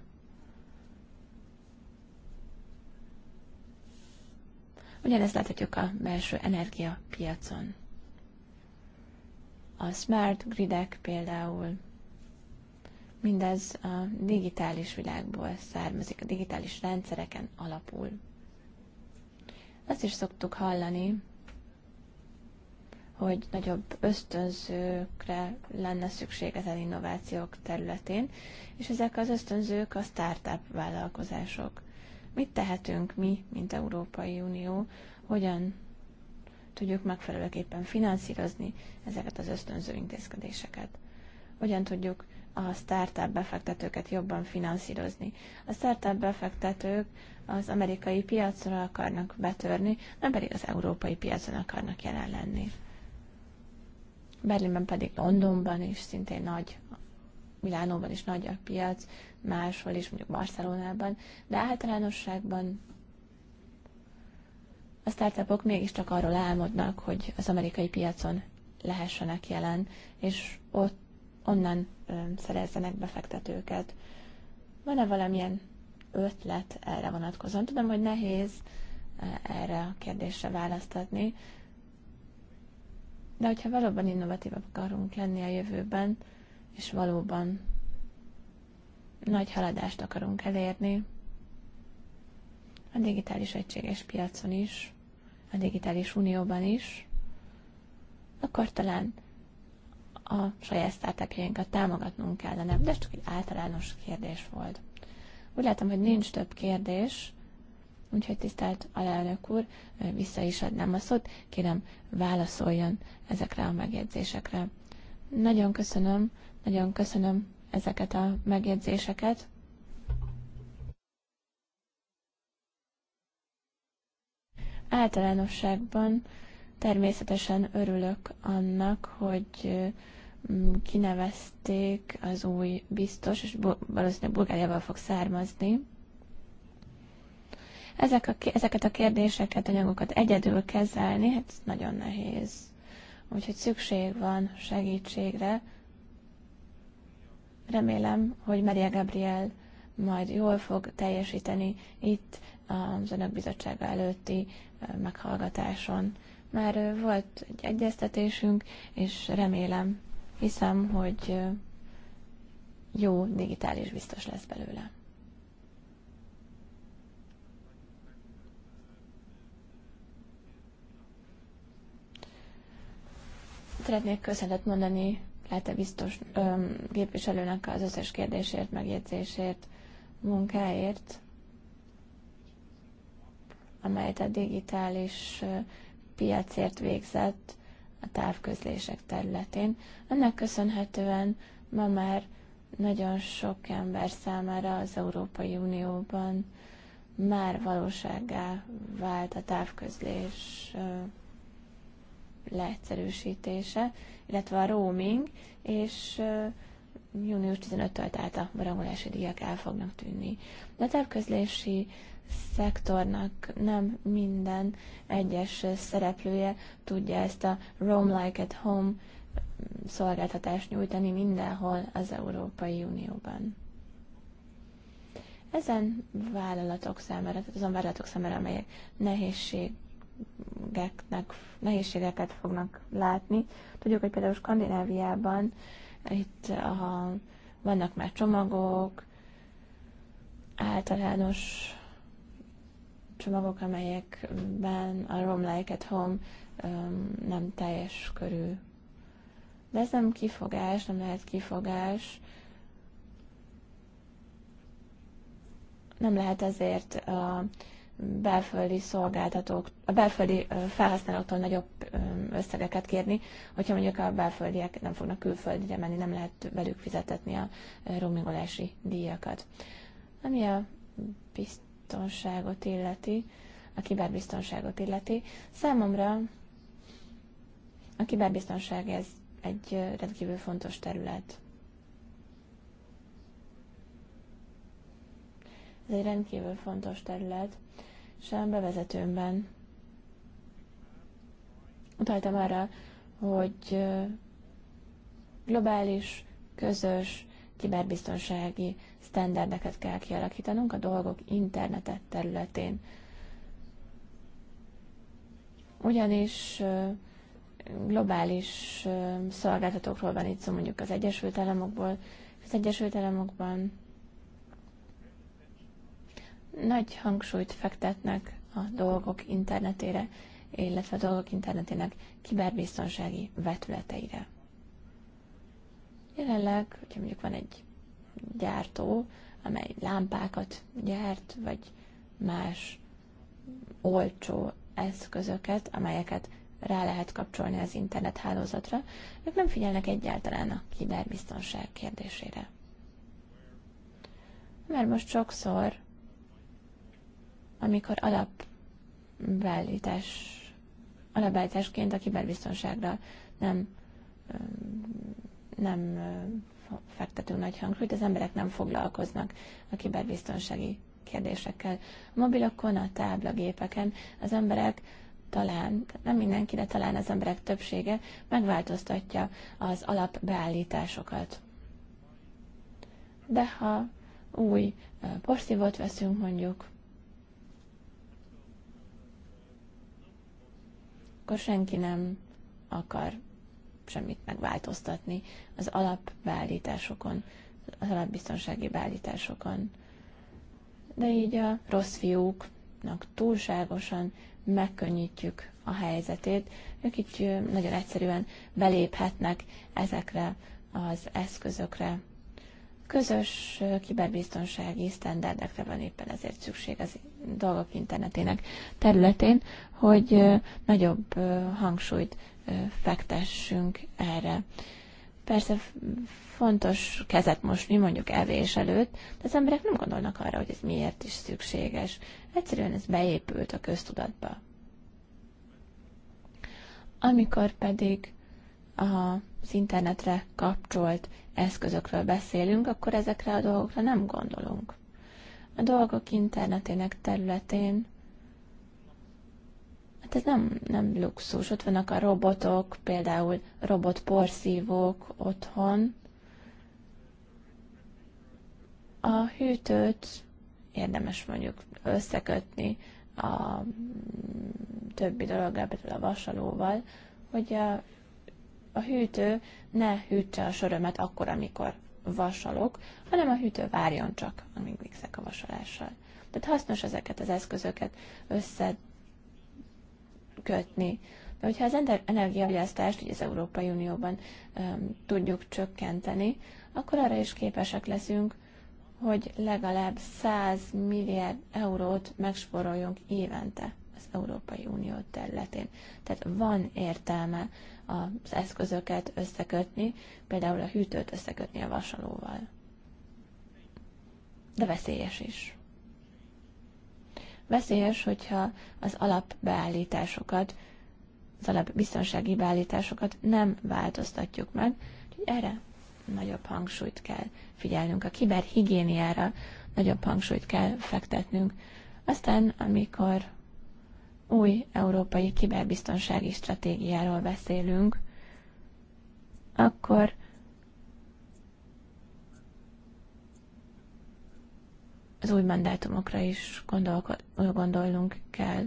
S4: Ugyanezt láthatjuk a belső energiapiacon. A smart gridek például, mindez a digitális világból származik, a digitális rendszereken alapul. Azt is szoktuk hallani, hogy nagyobb ösztönzőkre lenne szükség ezen innovációk területén, és ezek az ösztönzők a startup vállalkozások. Mit tehetünk mi, mint Európai Unió, hogyan tudjuk megfelelőképpen finanszírozni ezeket az ösztönző intézkedéseket? Hogyan tudjuk a startup befektetőket jobban finanszírozni. A startup befektetők az amerikai piacra akarnak betörni, nem pedig az európai piacon akarnak jelen lenni. Berlinben pedig Londonban is szintén nagy, Milánóban is nagy a piac, máshol is, mondjuk Barcelonában, de általánosságban a startupok mégiscsak arról álmodnak, hogy az amerikai piacon lehessenek jelen, és ott onnan szerezzenek befektetőket. Van-e valamilyen ötlet erre vonatkozóan? Tudom, hogy nehéz erre a kérdésre választatni, de hogyha valóban innovatívabb akarunk lenni a jövőben, és valóban nagy haladást akarunk elérni, a digitális egységes piacon is, a digitális unióban is, akkor talán a saját startupjainkat támogatnunk kellene, de ez csak egy általános kérdés volt. Úgy látom, hogy nincs több kérdés, Úgyhogy tisztelt alelnök úr, vissza is adnám a szót, kérem válaszoljon ezekre a megjegyzésekre. Nagyon köszönöm, nagyon köszönöm ezeket a megjegyzéseket. Általánosságban természetesen örülök annak, hogy kinevezték az új biztos, és valószínűleg Bulgáriával fog származni. Ezek a, ezeket a kérdéseket, anyagokat egyedül kezelni, hát nagyon nehéz. Úgyhogy szükség van segítségre. Remélem, hogy Maria Gabriel majd jól fog teljesíteni itt az Önök Bizottsága előtti meghallgatáson. Már volt egy egyeztetésünk, és remélem, hiszem, hogy jó digitális biztos lesz belőle. Szeretnék köszönetet mondani Láte biztos öm, képviselőnek az összes kérdésért, megjegyzésért, munkáért, amelyet a digitális piacért végzett a távközlések területén. Ennek köszönhetően ma már nagyon sok ember számára az Európai Unióban már valósággá vált a távközlés leegyszerűsítése, illetve a roaming, és június 15-től, tehát a barangolási díjak el fognak tűnni. De a távközlési szektornak nem minden egyes szereplője tudja ezt a Roam Like at Home mm, szolgáltatást nyújtani mindenhol az Európai Unióban. Ezen vállalatok számára, tehát azon vállalatok számára, amelyek nehézség, nehézségeknek, nehézségeket fognak látni. Tudjuk, hogy például Skandináviában itt a, vannak már csomagok, általános csomagok, amelyekben a Rom Like at Home nem teljes körű. De ez nem kifogás, nem lehet kifogás. Nem lehet ezért uh, belföldi szolgáltatók, a belföldi felhasználóktól nagyobb összegeket kérni, hogyha mondjuk a belföldiek nem fognak külföldre menni, nem lehet velük fizetetni a roamingolási díjakat. Ami a biztonságot illeti, a kiberbiztonságot illeti, számomra a kiberbiztonság ez egy rendkívül fontos terület. Ez egy rendkívül fontos terület, sem bevezetőmben utaltam arra, hogy globális, közös, kiberbiztonsági sztenderdeket kell kialakítanunk a dolgok internetet területén. Ugyanis globális szolgáltatókról van itt szó, mondjuk az Egyesült Államokból. Az Egyesült Államokban nagy hangsúlyt fektetnek a dolgok internetére, illetve a dolgok internetének kiberbiztonsági vetületeire. Jelenleg, hogyha mondjuk van egy gyártó, amely lámpákat gyárt, vagy más olcsó eszközöket, amelyeket rá lehet kapcsolni az internet hálózatra, ők nem figyelnek egyáltalán a kiberbiztonság kérdésére. Mert most sokszor amikor alapbeállítás, alapbeállításként a kiberbiztonságra nem, nem fektetünk nagy hangsúlyt, az emberek nem foglalkoznak a kiberbiztonsági kérdésekkel. A mobilokon, a táblagépeken az emberek talán, nem mindenki, de talán az emberek többsége megváltoztatja az alapbeállításokat. De ha új porszívót veszünk mondjuk, akkor senki nem akar semmit megváltoztatni az alapbeállításokon, az alapbiztonsági beállításokon. De így a rossz fiúknak túlságosan megkönnyítjük a helyzetét, ők így nagyon egyszerűen beléphetnek ezekre az eszközökre, Közös kiberbiztonsági sztenderdekre van éppen ezért szükség az dolgok internetének területén, hogy nagyobb hangsúlyt fektessünk erre. Persze fontos kezet mosni, mondjuk evés előtt, de az emberek nem gondolnak arra, hogy ez miért is szükséges. Egyszerűen ez beépült a köztudatba. Amikor pedig a az internetre kapcsolt eszközökről beszélünk, akkor ezekre a dolgokra nem gondolunk. A dolgok internetének területén Hát ez nem, nem luxus. Ott vannak a robotok, például robotporszívók otthon. A hűtőt érdemes mondjuk összekötni a többi dologgal, például a vasalóval, hogy a a hűtő ne hűtse a sörömet akkor, amikor vasalok, hanem a hűtő várjon csak, amíg végzek a vasalással. Tehát hasznos ezeket az eszközöket összekötni. De hogyha az energiafogyasztást ugye az Európai Unióban um, tudjuk csökkenteni, akkor arra is képesek leszünk, hogy legalább 100 milliárd eurót megsporoljunk évente az Európai Unió területén. Tehát van értelme az eszközöket összekötni, például a hűtőt összekötni a vasalóval. De veszélyes is. Veszélyes, hogyha az alapbeállításokat, az alapbiztonsági beállításokat nem változtatjuk meg, hogy erre nagyobb hangsúlyt kell figyelnünk, a kiberhigiéniára nagyobb hangsúlyt kell fektetnünk. Aztán, amikor új európai kiberbiztonsági stratégiáról beszélünk, akkor az új mandátumokra is gondolnunk kell.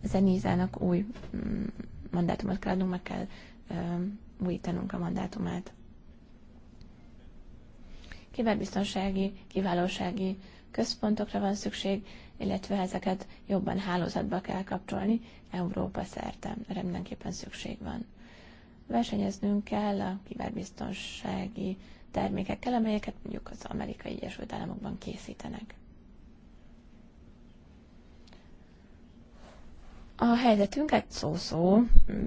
S4: ezen Enizának új mm, mandátumot kell adnunk, meg kell um, újítanunk a mandátumát. Kiberbiztonsági, kiválósági központokra van szükség, illetve ezeket jobban hálózatba kell kapcsolni Európa szerte. Erre mindenképpen szükség van. Versenyeznünk kell a kiberbiztonsági termékekkel, amelyeket mondjuk az amerikai Egyesült Államokban készítenek. A helyzetünket szó-szó,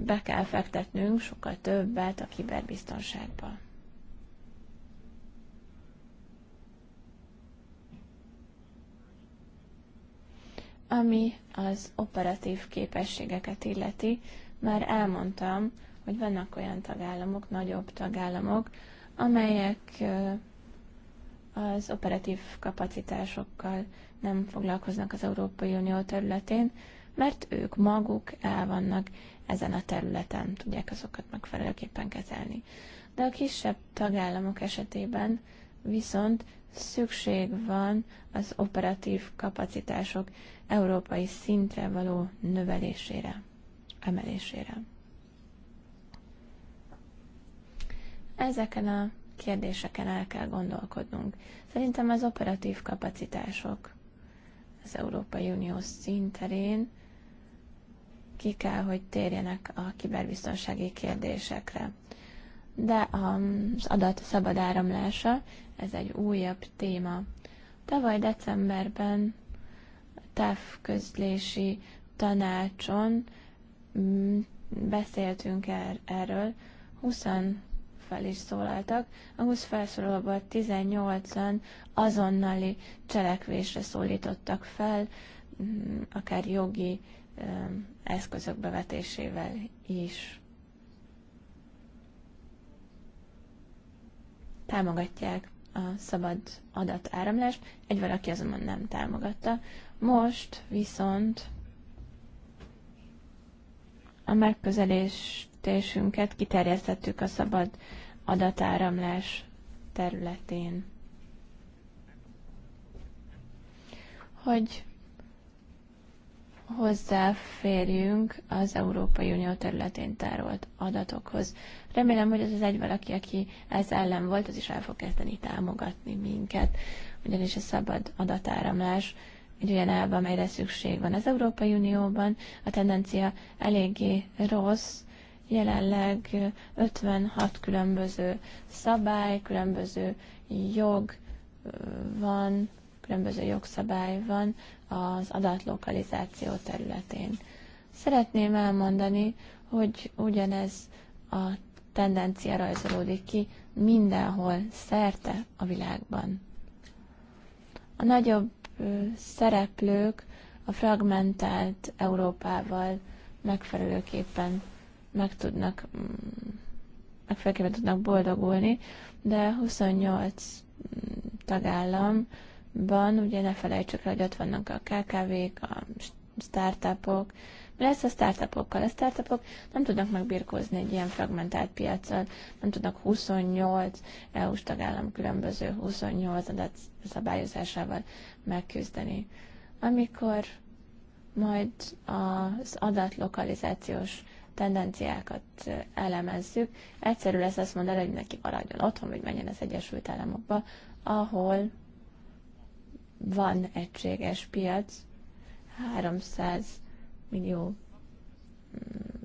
S4: be kell fektetnünk sokkal többet a kiberbiztonságban. Ami az operatív képességeket illeti, már elmondtam, hogy vannak olyan tagállamok, nagyobb tagállamok, amelyek az operatív kapacitásokkal nem foglalkoznak az Európai Unió területén, mert ők maguk el vannak ezen a területen, tudják azokat megfelelőképpen kezelni. De a kisebb tagállamok esetében viszont szükség van az operatív kapacitások európai szintre való növelésére, emelésére. Ezeken a kérdéseken el kell gondolkodnunk. Szerintem az operatív kapacitások az Európai Unió szinterén ki kell, hogy térjenek a kiberbiztonsági kérdésekre de az adat szabad áramlása, ez egy újabb téma. Tavaly decemberben közlési tanácson mm, beszéltünk er- erről, 20 fel is szólaltak, a 20 felszólalóból 18-an azonnali cselekvésre szólítottak fel, mm, akár jogi eszközök bevetésével is. támogatják a szabad adatáramlást, egy valaki azonban nem támogatta. Most viszont a megközelítésünket kiterjesztettük a szabad adatáramlás területén. Hogy hozzáférjünk az Európai Unió területén tárolt adatokhoz. Remélem, hogy ez az egy valaki, aki ez ellen volt, az is el fog kezdeni támogatni minket, ugyanis a szabad adatáramlás egy olyan elv, amelyre szükség van. Az Európai Unióban a tendencia eléggé rossz, jelenleg 56 különböző szabály, különböző jog van, különböző jogszabály van az adatlokalizáció területén. Szeretném elmondani, hogy ugyanez a tendencia rajzolódik ki mindenhol, szerte a világban. A nagyobb szereplők a fragmentált Európával megfelelőképpen meg tudnak mm, megfelelőképpen tudnak boldogulni, de 28 mm, tagállamban, ugye ne felejtsük el, hogy ott vannak a KKV-k, a startupok, mi lesz a startupokkal? A startupok nem tudnak megbirkózni egy ilyen fragmentált piacon, nem tudnak 28 EU-s tagállam különböző 28 adat szabályozásával megküzdeni. Amikor majd az adatlokalizációs tendenciákat elemezzük, egyszerű lesz azt mondani, hogy neki maradjon otthon, hogy menjen az Egyesült Államokba, ahol van egységes piac, 300 millió mm,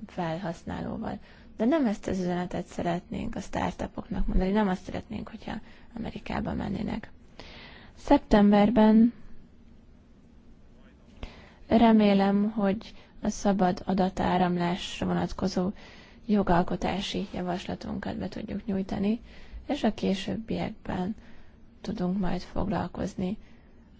S4: felhasználóval. De nem ezt az üzenetet szeretnénk a startupoknak mondani, nem azt szeretnénk, hogyha Amerikába mennének. Szeptemberben remélem, hogy a szabad adatáramlásra vonatkozó jogalkotási javaslatunkat be tudjuk nyújtani, és a későbbiekben tudunk majd foglalkozni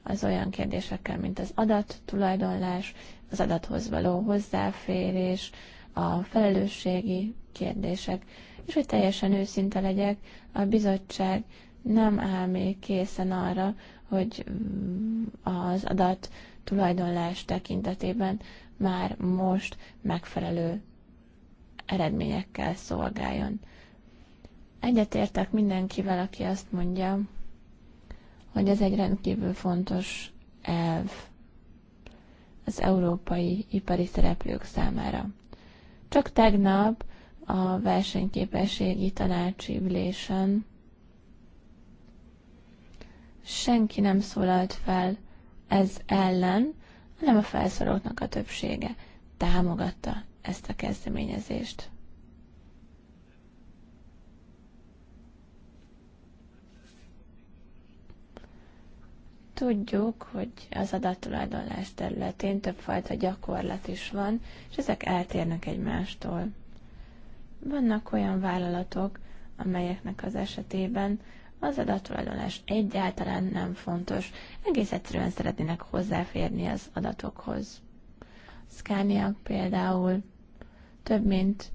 S4: az olyan kérdésekkel, mint az adattulajdonlás, az adathoz való hozzáférés, a felelősségi kérdések. És hogy teljesen őszinte legyek, a bizottság nem áll még készen arra, hogy az adat tulajdonlás tekintetében már most megfelelő eredményekkel szolgáljon. Egyetértek mindenkivel, aki azt mondja, hogy ez egy rendkívül fontos elv az európai ipari szereplők számára. Csak tegnap a versenyképességi tanácsi ülésen senki nem szólalt fel ez ellen, hanem a felszólóknak a többsége támogatta ezt a kezdeményezést. Tudjuk, hogy az adattulajdonlás területén többfajta gyakorlat is van, és ezek eltérnek egymástól. Vannak olyan vállalatok, amelyeknek az esetében az adattulajdonlás egyáltalán nem fontos, egész egyszerűen szeretnének hozzáférni az adatokhoz. Scania például több mint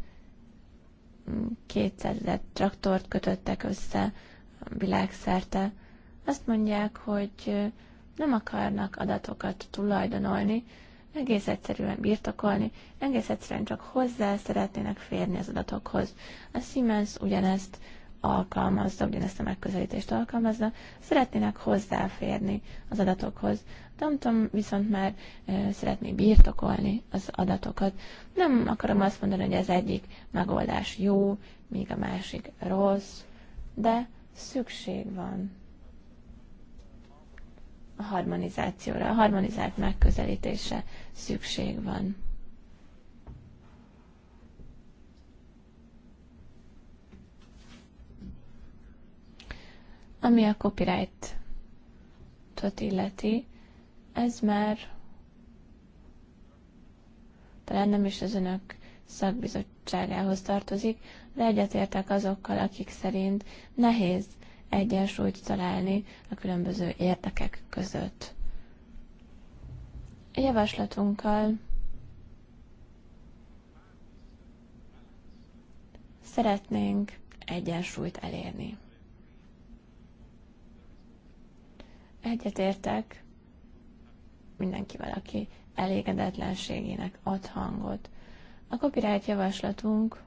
S4: 200 ezer traktort kötöttek össze világszerte, azt mondják, hogy nem akarnak adatokat tulajdonolni, egész egyszerűen birtokolni, egész egyszerűen csak hozzá szeretnének férni az adatokhoz. A Siemens ugyanezt alkalmazza, ugyanezt a megközelítést alkalmazza, szeretnének hozzáférni az adatokhoz. Tomtom viszont már e, szeretné birtokolni az adatokat. Nem akarom azt mondani, hogy az egyik megoldás jó, míg a másik rossz, de szükség van harmonizációra, harmonizált megközelítése szükség van. Ami a copyright-ot illeti, ez már talán nem is az önök szakbizottságához tartozik, de egyetértek azokkal, akik szerint nehéz egyensúlyt találni a különböző érdekek között. A javaslatunkkal szeretnénk egyensúlyt elérni. Egyetértek mindenkivel, aki elégedetlenségének ad hangot. A copyright javaslatunk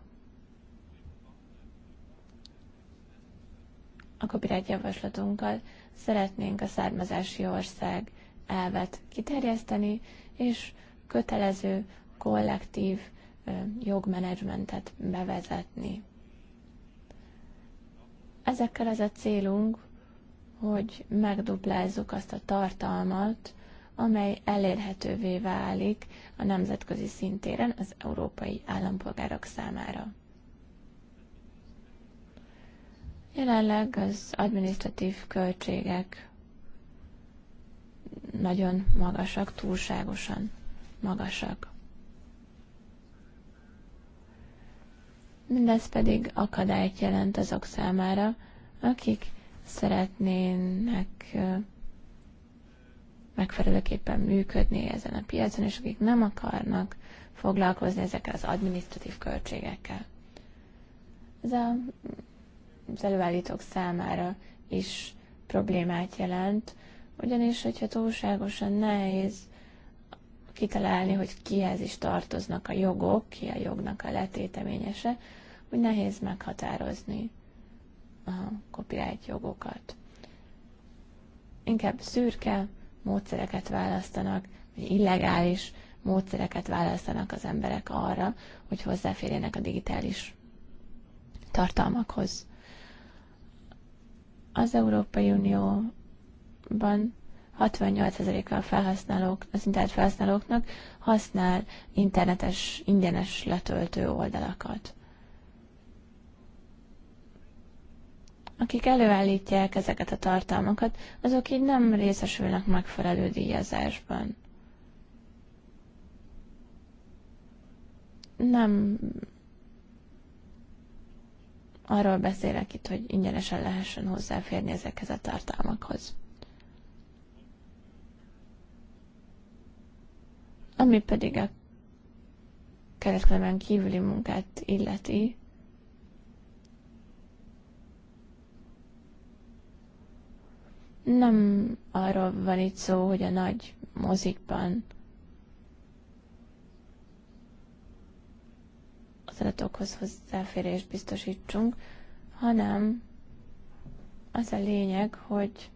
S4: a copyright javaslatunkkal szeretnénk a származási ország elvet kiterjeszteni, és kötelező kollektív jogmenedzsmentet bevezetni. Ezekkel az a célunk, hogy megduplázzuk azt a tartalmat, amely elérhetővé válik a nemzetközi szintéren az európai állampolgárok számára. Jelenleg az administratív költségek nagyon magasak, túlságosan magasak. Mindez pedig akadályt jelent azok számára, akik szeretnének megfelelőképpen működni ezen a piacon, és akik nem akarnak foglalkozni ezekkel az administratív költségekkel. Ez a az előállítók számára is problémát jelent, ugyanis, hogyha túlságosan nehéz kitalálni, hogy kihez is tartoznak a jogok, ki a jognak a letéteményese, úgy nehéz meghatározni a copyright jogokat. Inkább szürke módszereket választanak, vagy illegális módszereket választanak az emberek arra, hogy hozzáférjenek a digitális tartalmakhoz. Az Európai Unióban 68%-a felhasználók, az internet felhasználóknak használ internetes, ingyenes letöltő oldalakat. Akik előállítják ezeket a tartalmakat, azok így nem részesülnek megfelelő díjazásban. Nem Arról beszélek itt, hogy ingyenesen lehessen hozzáférni ezekhez a tartalmakhoz. Ami pedig a kereskedelmen kívüli munkát illeti, nem arról van itt szó, hogy a nagy mozikban tapasztalatokhoz hozzáférést biztosítsunk, hanem az a lényeg, hogy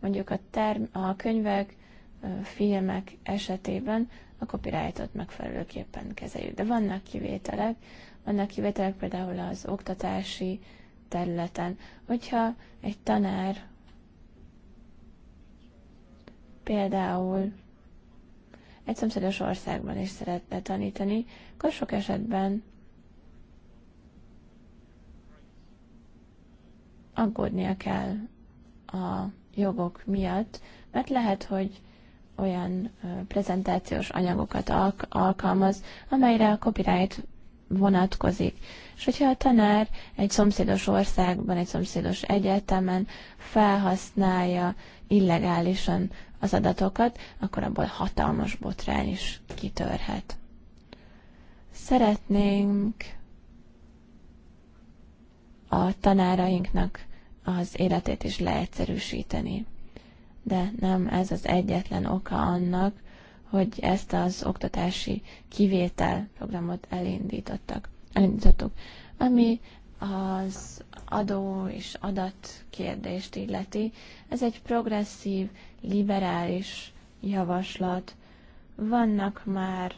S4: mondjuk a, term- a könyvek, filmek esetében a copyrightot megfelelőképpen kezeljük. De vannak kivételek, vannak kivételek például az oktatási területen. Hogyha egy tanár például egy szomszédos országban is szeretne tanítani, akkor sok esetben aggódnia kell a jogok miatt, mert lehet, hogy olyan prezentációs anyagokat alk- alkalmaz, amelyre a copyright vonatkozik. És hogyha a tanár egy szomszédos országban, egy szomszédos egyetemen felhasználja illegálisan az adatokat, akkor abból hatalmas botrány is kitörhet. Szeretnénk a tanárainknak az életét is leegyszerűsíteni. De nem ez az egyetlen oka annak, hogy ezt az oktatási kivétel programot elindítottak, elindítottuk, ami az adó és adat kérdést illeti. Ez egy progresszív, liberális javaslat. Vannak már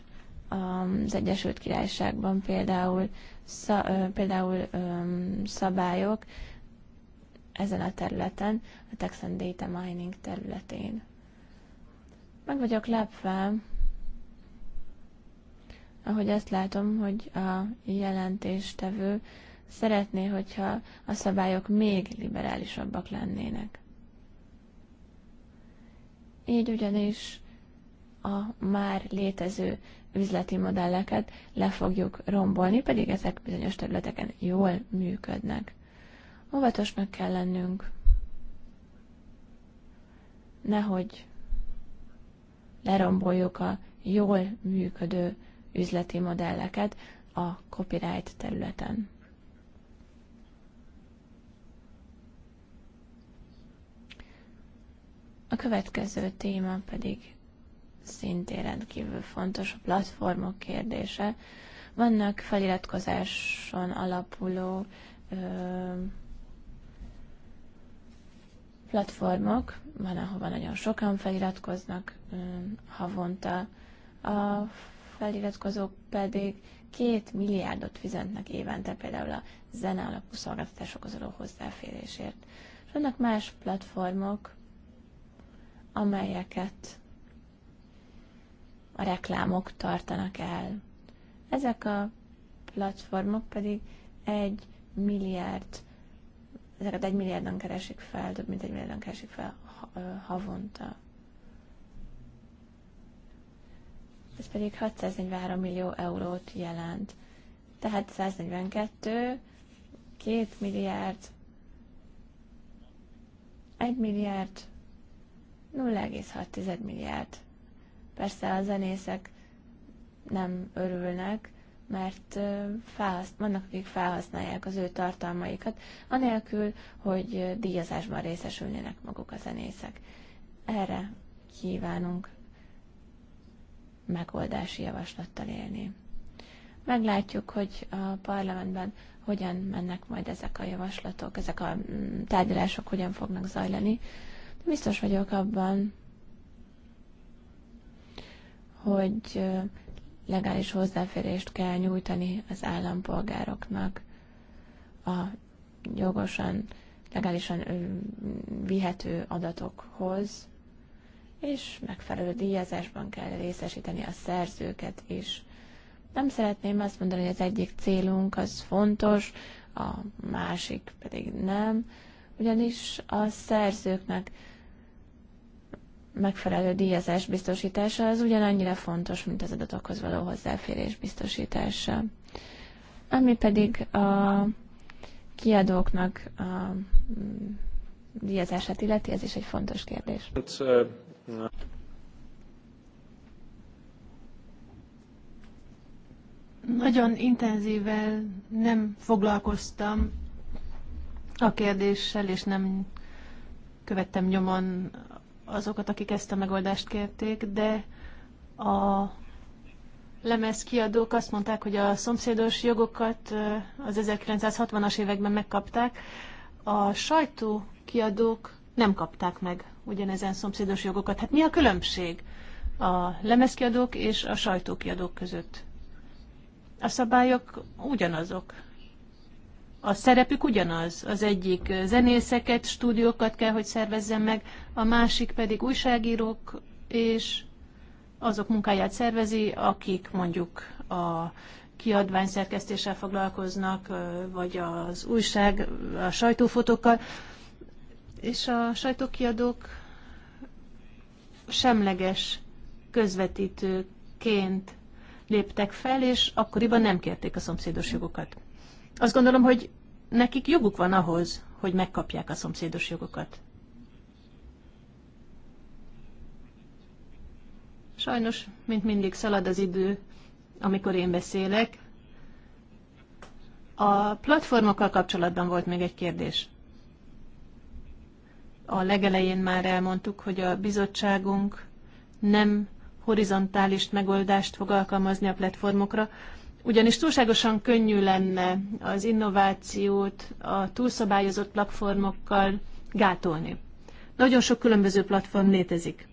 S4: az Egyesült Királyságban például, szá, például szabályok ezen a területen, a Texan Data Mining területén. Meg vagyok lepve, ahogy azt látom, hogy a jelentéstevő szeretné, hogyha a szabályok még liberálisabbak lennének. Így ugyanis a már létező üzleti modelleket le fogjuk rombolni, pedig ezek bizonyos területeken jól működnek. Óvatosnak kell lennünk. Nehogy leromboljuk a jól működő üzleti modelleket a copyright területen. A következő téma pedig szintén rendkívül fontos a platformok kérdése. Vannak feliratkozáson alapuló ö, platformok, van, ahova nagyon sokan feliratkoznak ö, havonta, a feliratkozók pedig két milliárdot fizetnek évente például a zene alapú szolgáltatásokhoz való hozzáférésért. És vannak más platformok, amelyeket a reklámok tartanak el. Ezek a platformok pedig egy milliárd, ezeket egy milliárdan keresik fel, több mint egy milliárdan keresik fel havonta. Ez pedig 643 millió eurót jelent. Tehát 142, 2 milliárd, 1 milliárd, 0,6 milliárd Persze a zenészek nem örülnek, mert felhasz, vannak, akik felhasználják az ő tartalmaikat, anélkül, hogy díjazásban részesülnének maguk a zenészek. Erre kívánunk megoldási javaslattal élni. Meglátjuk, hogy a parlamentben hogyan mennek majd ezek a javaslatok, ezek a mm, tárgyalások hogyan fognak zajlani. De biztos vagyok abban, hogy legális hozzáférést kell nyújtani az állampolgároknak a jogosan, legálisan vihető adatokhoz, és megfelelő díjazásban kell részesíteni a szerzőket is. Nem szeretném azt mondani, hogy az egyik célunk az fontos, a másik pedig nem, ugyanis a szerzőknek megfelelő díjazás biztosítása az ugyanannyira fontos, mint az adatokhoz való hozzáférés biztosítása. Ami pedig a kiadóknak a mm, díjazását illeti, ez is egy fontos kérdés.
S2: Nagyon intenzível nem foglalkoztam a kérdéssel, és nem követtem nyomon azokat, akik ezt a megoldást kérték, de a lemezkiadók azt mondták, hogy a szomszédos jogokat az 1960-as években megkapták, a sajtókiadók nem kapták meg ugyanezen szomszédos jogokat. Hát mi a különbség a lemezkiadók és a sajtókiadók között? A szabályok ugyanazok a szerepük ugyanaz. Az egyik zenészeket, stúdiókat kell, hogy szervezzen meg, a másik pedig újságírók és azok munkáját szervezi, akik mondjuk a kiadvány szerkesztéssel foglalkoznak, vagy az újság, a sajtófotókkal, és a sajtókiadók semleges közvetítőként léptek fel, és akkoriban nem kérték a szomszédos jogokat. Azt gondolom, hogy nekik joguk van ahhoz, hogy megkapják a szomszédos jogokat. Sajnos, mint mindig szalad az idő, amikor én beszélek. A platformokkal kapcsolatban volt még egy kérdés. A legelején már elmondtuk, hogy a bizottságunk nem horizontális megoldást fog alkalmazni a platformokra, ugyanis túlságosan könnyű lenne az innovációt a túlszabályozott platformokkal gátolni. Nagyon sok különböző platform létezik.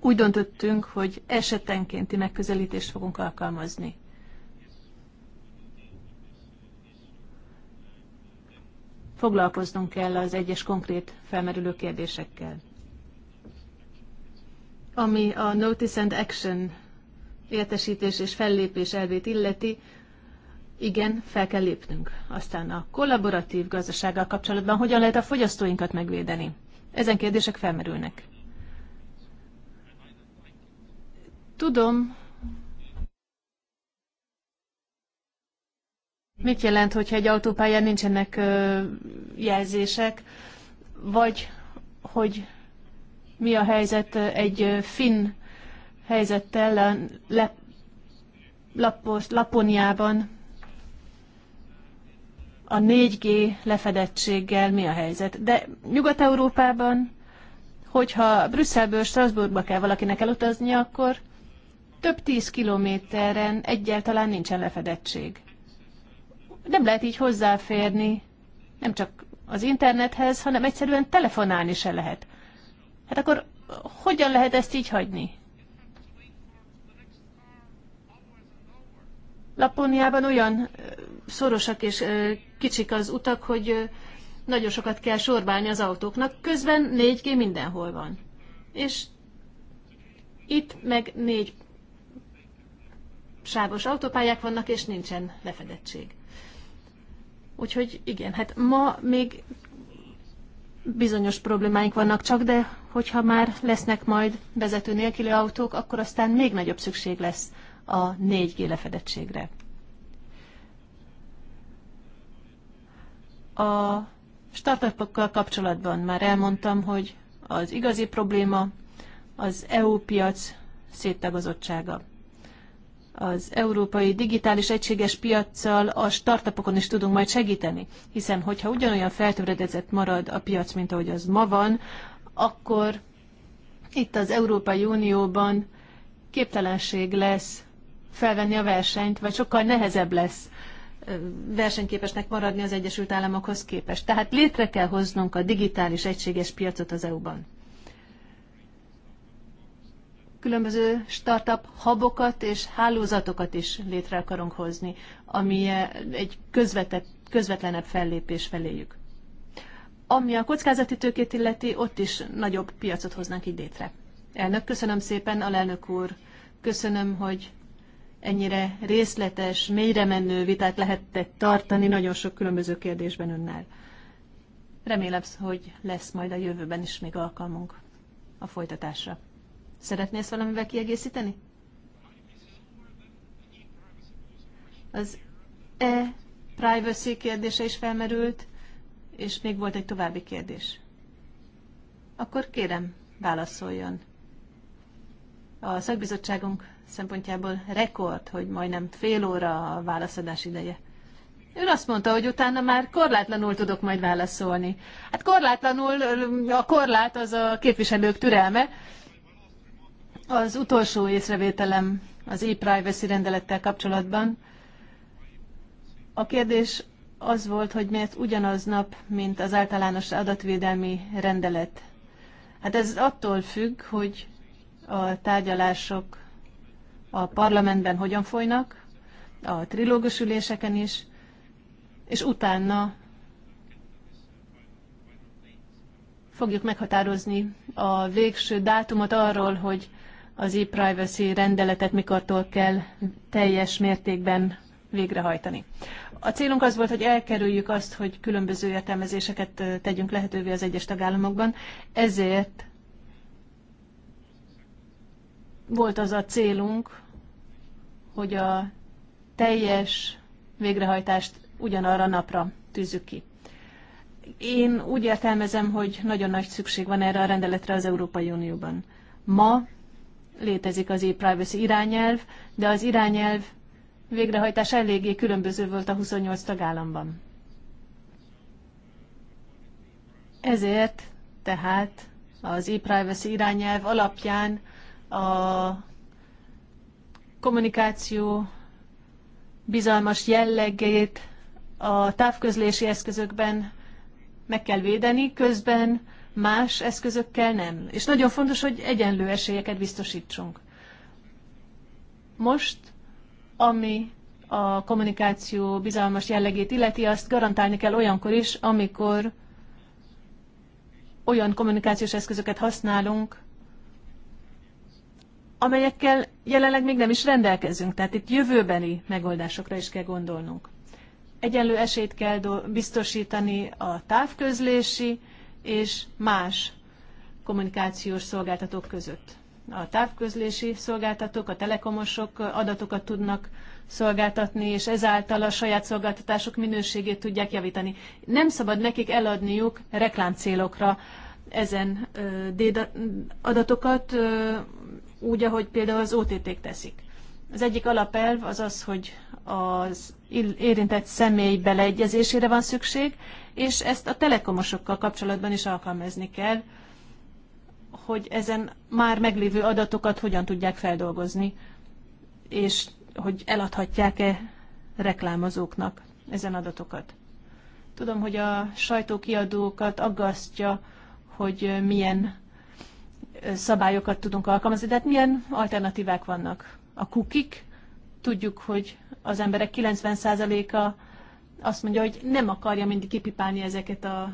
S2: Úgy döntöttünk, hogy esetenkénti megközelítést fogunk alkalmazni. Foglalkoznunk kell az egyes konkrét felmerülő kérdésekkel. Ami a Notice and Action értesítés és fellépés elvét illeti, igen, fel kell lépnünk. Aztán a kollaboratív gazdasággal kapcsolatban hogyan lehet a fogyasztóinkat megvédeni? Ezen kérdések felmerülnek. Tudom, mit jelent, hogyha egy autópályán nincsenek jelzések, vagy hogy mi a helyzet egy finn helyzettel le, lapos, Laponiában a 4G lefedettséggel mi a helyzet. De Nyugat-Európában, hogyha Brüsszelből Strasbourgba kell valakinek elutazni, akkor több tíz kilométeren egyáltalán nincsen lefedettség. Nem lehet így hozzáférni, nem csak az internethez, hanem egyszerűen telefonálni se lehet. Hát akkor hogyan lehet ezt így hagyni? Laponiában olyan szorosak és kicsik az utak, hogy nagyon sokat kell sorbálni az autóknak, közben 4G mindenhol van. És itt meg négy sávos autópályák vannak, és nincsen lefedettség. Úgyhogy igen, hát ma még bizonyos problémáink vannak csak, de hogyha már lesznek majd vezető nélküli autók, akkor aztán még nagyobb szükség lesz a 4G lefedettségre. A startupokkal kapcsolatban már elmondtam, hogy az igazi probléma az EU piac széttagozottsága. Az európai digitális egységes piaccal a startupokon is tudunk majd segíteni, hiszen hogyha ugyanolyan feltöredezett marad a piac, mint ahogy az ma van, akkor itt az Európai Unióban képtelenség lesz felvenni a versenyt, vagy sokkal nehezebb lesz versenyképesnek maradni az Egyesült Államokhoz képest. Tehát létre kell hoznunk a digitális egységes piacot az EU-ban. Különböző startup habokat és hálózatokat is létre akarunk hozni, ami egy közvetett, közvetlenebb fellépés feléjük. Ami a kockázati tőkét illeti, ott is nagyobb piacot hoznánk így létre. Elnök, köszönöm szépen, alelnök úr, köszönöm, hogy ennyire részletes, mélyre menő vitát lehetett tartani nagyon sok különböző kérdésben önnel. Remélem, hogy lesz majd a jövőben is még alkalmunk a folytatásra. Szeretnél valamivel kiegészíteni? Az e-privacy kérdése is felmerült, és még volt egy további kérdés. Akkor kérem, válaszoljon. A szakbizottságunk szempontjából rekord, hogy majdnem fél óra a válaszadás ideje. Ő azt mondta, hogy utána már korlátlanul tudok majd válaszolni. Hát korlátlanul, a korlát az a képviselők türelme. Az utolsó észrevételem az e-privacy rendelettel kapcsolatban. A kérdés az volt, hogy miért ugyanaz nap, mint az általános adatvédelmi rendelet. Hát ez attól függ, hogy a tárgyalások a parlamentben hogyan folynak, a trilógus üléseken is, és utána fogjuk meghatározni a végső dátumot arról, hogy az e-privacy rendeletet mikortól kell teljes mértékben végrehajtani. A célunk az volt, hogy elkerüljük azt, hogy különböző értelmezéseket tegyünk lehetővé az egyes tagállamokban, ezért volt az a célunk, hogy a teljes végrehajtást ugyanarra a napra tűzzük ki. Én úgy értelmezem, hogy nagyon nagy szükség van erre a rendeletre az Európai Unióban. Ma létezik az e-privacy irányelv, de az irányelv végrehajtás eléggé különböző volt a 28 tagállamban. Ezért tehát az e-privacy irányelv alapján a kommunikáció bizalmas jellegét a távközlési eszközökben meg kell védeni, közben más eszközökkel nem. És nagyon fontos, hogy egyenlő esélyeket biztosítsunk. Most, ami a kommunikáció bizalmas jellegét illeti, azt garantálni kell olyankor is, amikor olyan kommunikációs eszközöket használunk, amelyekkel jelenleg még nem is rendelkezünk. Tehát itt jövőbeni megoldásokra is kell gondolnunk. Egyenlő esélyt kell biztosítani a távközlési és más kommunikációs szolgáltatók között. A távközlési szolgáltatók, a telekomosok adatokat tudnak szolgáltatni, és ezáltal a saját szolgáltatások minőségét tudják javítani. Nem szabad nekik eladniuk reklámcélokra ezen adatokat, úgy, ahogy például az OTT-k teszik. Az egyik alapelv az az, hogy az érintett személy beleegyezésére van szükség, és ezt a telekomosokkal kapcsolatban is alkalmazni kell, hogy ezen már meglévő adatokat hogyan tudják feldolgozni, és hogy eladhatják-e reklámozóknak ezen adatokat. Tudom, hogy a sajtókiadókat aggasztja, hogy milyen szabályokat tudunk alkalmazni, de hát milyen alternatívák vannak? A kukik, tudjuk, hogy az emberek 90%-a azt mondja, hogy nem akarja mindig kipipálni ezeket a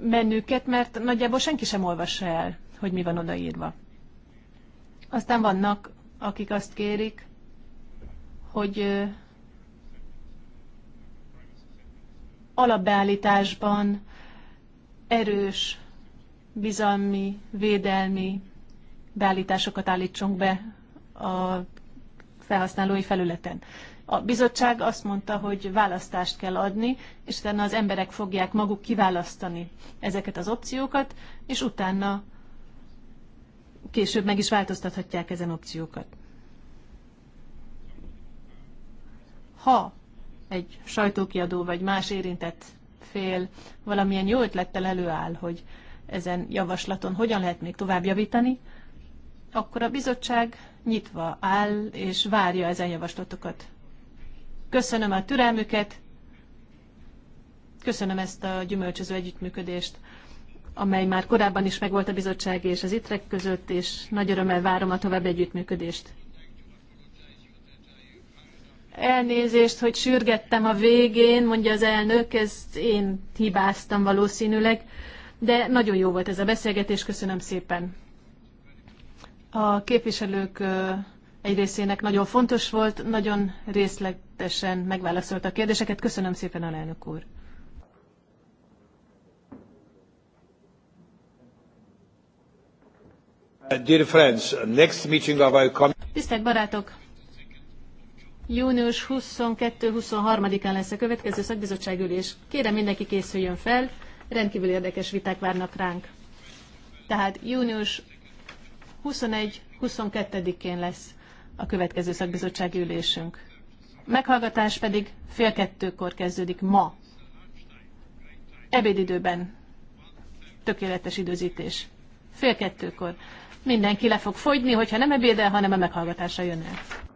S2: menüket, mert nagyjából senki sem olvassa el, hogy mi van odaírva. Aztán vannak, akik azt kérik, hogy alapbeállításban erős bizalmi, védelmi beállításokat állítsunk be a felhasználói felületen. A bizottság azt mondta, hogy választást kell adni, és utána az emberek fogják maguk kiválasztani ezeket az opciókat, és utána később meg is változtathatják ezen opciókat. Ha egy sajtókiadó vagy más érintett fél valamilyen jó ötlettel előáll, hogy ezen javaslaton hogyan lehet még tovább javítani, akkor a bizottság nyitva áll és várja ezen javaslatokat. Köszönöm a türelmüket, köszönöm ezt a gyümölcsöző együttműködést, amely már korábban is megvolt a bizottság és az itrek között, és nagy örömmel várom a további együttműködést. Elnézést, hogy sürgettem a végén, mondja az elnök, ezt én hibáztam valószínűleg de nagyon jó volt ez a beszélgetés, köszönöm szépen. A képviselők egy részének nagyon fontos volt, nagyon részletesen megválaszolta a kérdéseket. Köszönöm szépen, alelnök úr.
S1: Uh, dear friends, next meeting of our
S2: Tisztelt barátok! Június 22-23-án lesz a következő szakbizottságülés. Kérem mindenki készüljön fel rendkívül érdekes viták várnak ránk. Tehát június 21-22-én lesz a következő szakbizottsági ülésünk. Meghallgatás pedig fél kettőkor kezdődik ma. Ebédidőben. Tökéletes időzítés. Fél kettőkor. Mindenki le fog fogyni, hogyha nem ebédel,
S1: hanem a meghallgatásra jön el.